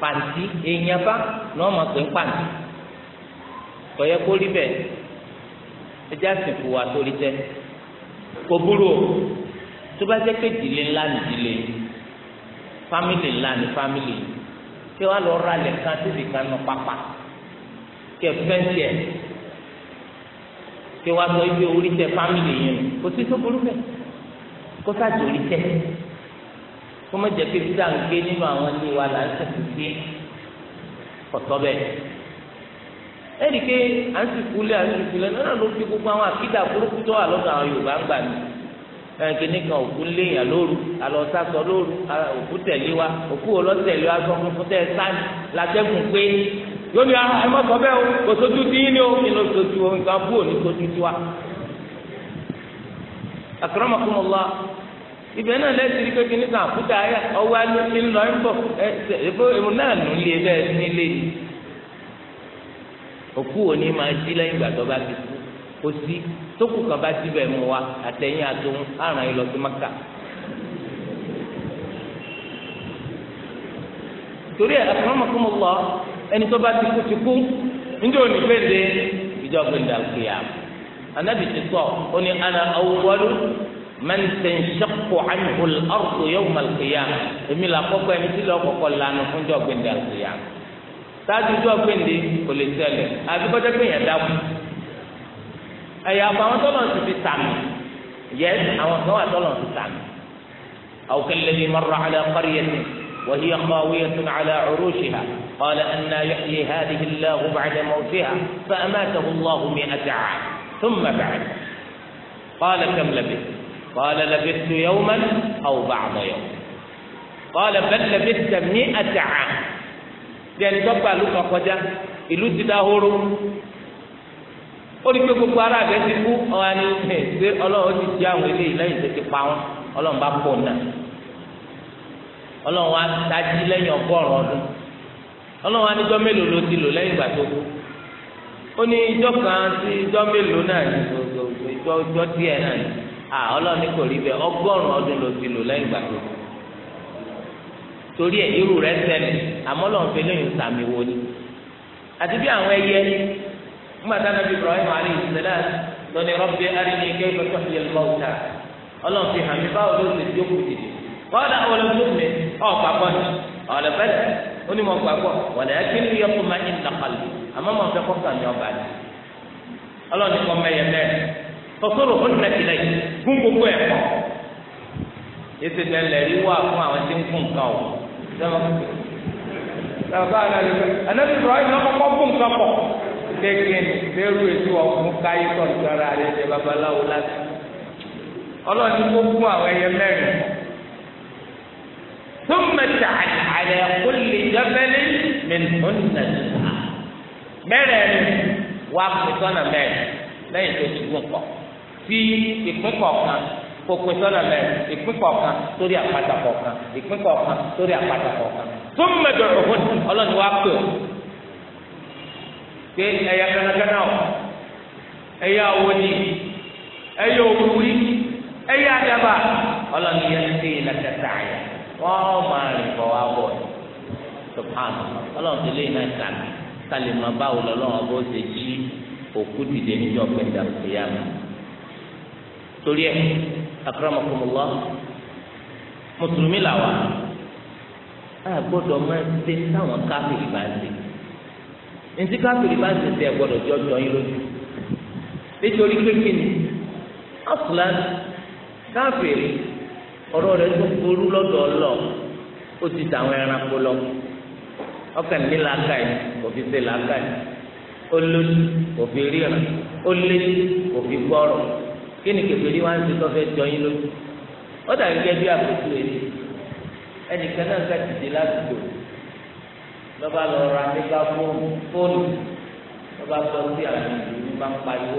S2: pàǹtí èèyàn bá náà mà pé pàǹtí kọ̀yẹ́ kó rí bẹ́ẹ̀ ẹjẹ́ àsìnkú wa torí jẹ́ kò burú o tó bá jẹ́ pé ìdílé ńlá ní ìdílé fámìlì ńlá ní fámìlì tí wàá lọ ra lẹ̀ kan síbi kan nù pápá kẹ fẹǹtì ẹ kí wàá sọ ibi orí tẹ fámìlì yẹn kò sí tó burú bẹ kó sáàtì orí tẹ kó má jẹ pé títà ń gbé nínú àwọn ilé wa là ń sẹsẹ gbé kọtọ bẹ ẹnì ké à ń sì kulẹ à ń sì kulẹ náà ló fi gbogbo àwọn àkídà burúkú tó wà lọ́dọ̀ àwọn Yorùbá ń gbà mí ẹnìkan nìkan òkú léèyàn lóru alọ́sàsọ lóru òkú tẹ̀lé wa òkú olọ́tẹ̀lé wa sọ fún fún tẹ̀ sáni látẹ́gùn pé lónìí ah, ẹ má sọ bẹ́ẹ̀ o kò sójú tí yín ni o kí ló o nǹkan bú òní sójú tí wa. akramakumullah ibẹ̀ náà lẹ́sìn rí kékeré ayé lọ ẹ náà nù lé òkú òní máa ìgbà tó bá ti kú kó sí tókù kan bá wa àràn yìí lọ sí maka. torí ẹni tó bá ti kú ti kú níjẹ́ òní péde ìjọ gbẹ̀ndà kìá anabi ti sọ ó ní ana awwalu man tanshaqqu anhu al-ardu yawm al-qiyamah èmi là kọ́kọ́ ẹni tí lọ́kọ́kọ́ lanu fún ìjọ gbẹ̀ndà kìá sáájú ìjọ gbẹ̀ndé kò lè ṣẹlẹ̀ àti kọ́jọ́ pé yẹn dákú àpò àwọn tọ́lọ̀ ti fi sàmì yẹ́n àwọn kan tọ́lọ̀ ti sàmì aw kalladhi marra ala qaryatin وهي خاوية على عروشها قال أن يحيي هذه الله بعد موتها فأماته الله مئة عام ثم بعد قال كم لبثت قال لبثت يوما أو بعض يوم قال بل لبثت مئة عام لأن بابا لك قجا إلو داهور ó كيف pé gbogbo ara rẹ̀ ti kú ọ̀hání ṣe ọlọ́run ti di àwọn ọlọ́run wa tají lẹ́yìn ọgọ́rùn ọdún ọlọ́run wa níjọ́ mélòó ló ti lò lẹ́yìn ìgbà kan sí mélòó náà ní gbogbo díẹ̀ náà ní kò rí bẹ́ẹ̀ ọgọ́rùn ọdún ló ti lò lẹ́yìn ìgbà tó kú torí ẹ̀ irú rẹ̀ àmọ́ ọlọ́run fi lóyún sàmì wo ni àti bí àwọn ẹyẹ Ibrahim alayhi kọ́dà olùdókòmí ọ̀gbàgbọ́ ni ọ̀lẹ́fẹ́lẹ́ onímọ̀ gbàgbọ́ wọ̀lẹ́ ẹgbẹ́ ní ọkùnrin máa ń nàkàlù àmọ́ mọ̀ fẹ́ kọ́kà ní ọba ni ọlọ́ọ̀ni kọ́ anabi ibrahim lọkọkọ káyé babaláwo láti kó àwọn ẹyẹ ثم تعد على كل جبل منهن تسعة mẹ́rẹ̀ẹ̀rin wá pín sọ́nà mẹ́rin lẹ́yìn tó ti gùn pọ̀ sí ìpín kọ̀ọ̀kan kó pín sọ́nà mẹ́rin ìpín kọ̀ọ̀kan sórí àpáta kọ̀ọ̀kan ìpín kọ̀ọ̀kan sórí àpáta kọ̀ọ̀kan tó ń mẹ́jọ òhun ọlọ́ni wá pè ó pé ẹ̀yà kánákáná ọ̀ ẹ̀yà owó ni ẹ̀yà òwúrí ẹ̀yà àdàbà ọlọ́ni yẹn ti ṣe wọ́n máa rìn bọ̀ wá bọ̀ ẹ̀ sọ̀pàn ọlọ́run ti lé iná ìsàmì kálí máa báwo lọ́lọ́run bó ṣe jí òkú dìde níjọ́ pẹ̀lú ìyá mi. torí ẹ akramakumullah mùsùlùmí làwà á gbọ́dọ̀ máa ṣe táwọn káfíìrì bá ń ṣe ntí káfíìrì bá ń ṣe ṣe ẹ gbọ́dọ̀ jọjọ yín lójú nítorí pé kí ni ọ̀sùn láti káfíìrì ọ̀rọ̀ rẹ̀ tó burú lọ́dọ̀ lọ ó ti tàwọn ẹranko lọ ọkàn ní làákàyè kò fi ṣe làákàyè ó lójú kò fi ríran ó létí kò fi gbọ́rọ̀ kí ni kẹfẹ́rí wá ń ṣe tọ́fẹ́ jọ yín lójú ó dàbí gẹ́gẹ́ bí àpótí èdè ẹnìkan náà ká dìde ládùúgbò lọ́ba lọ ra nígbà fóònù lọ́ba sọ sí àgbègbè nígbà ń pariwo.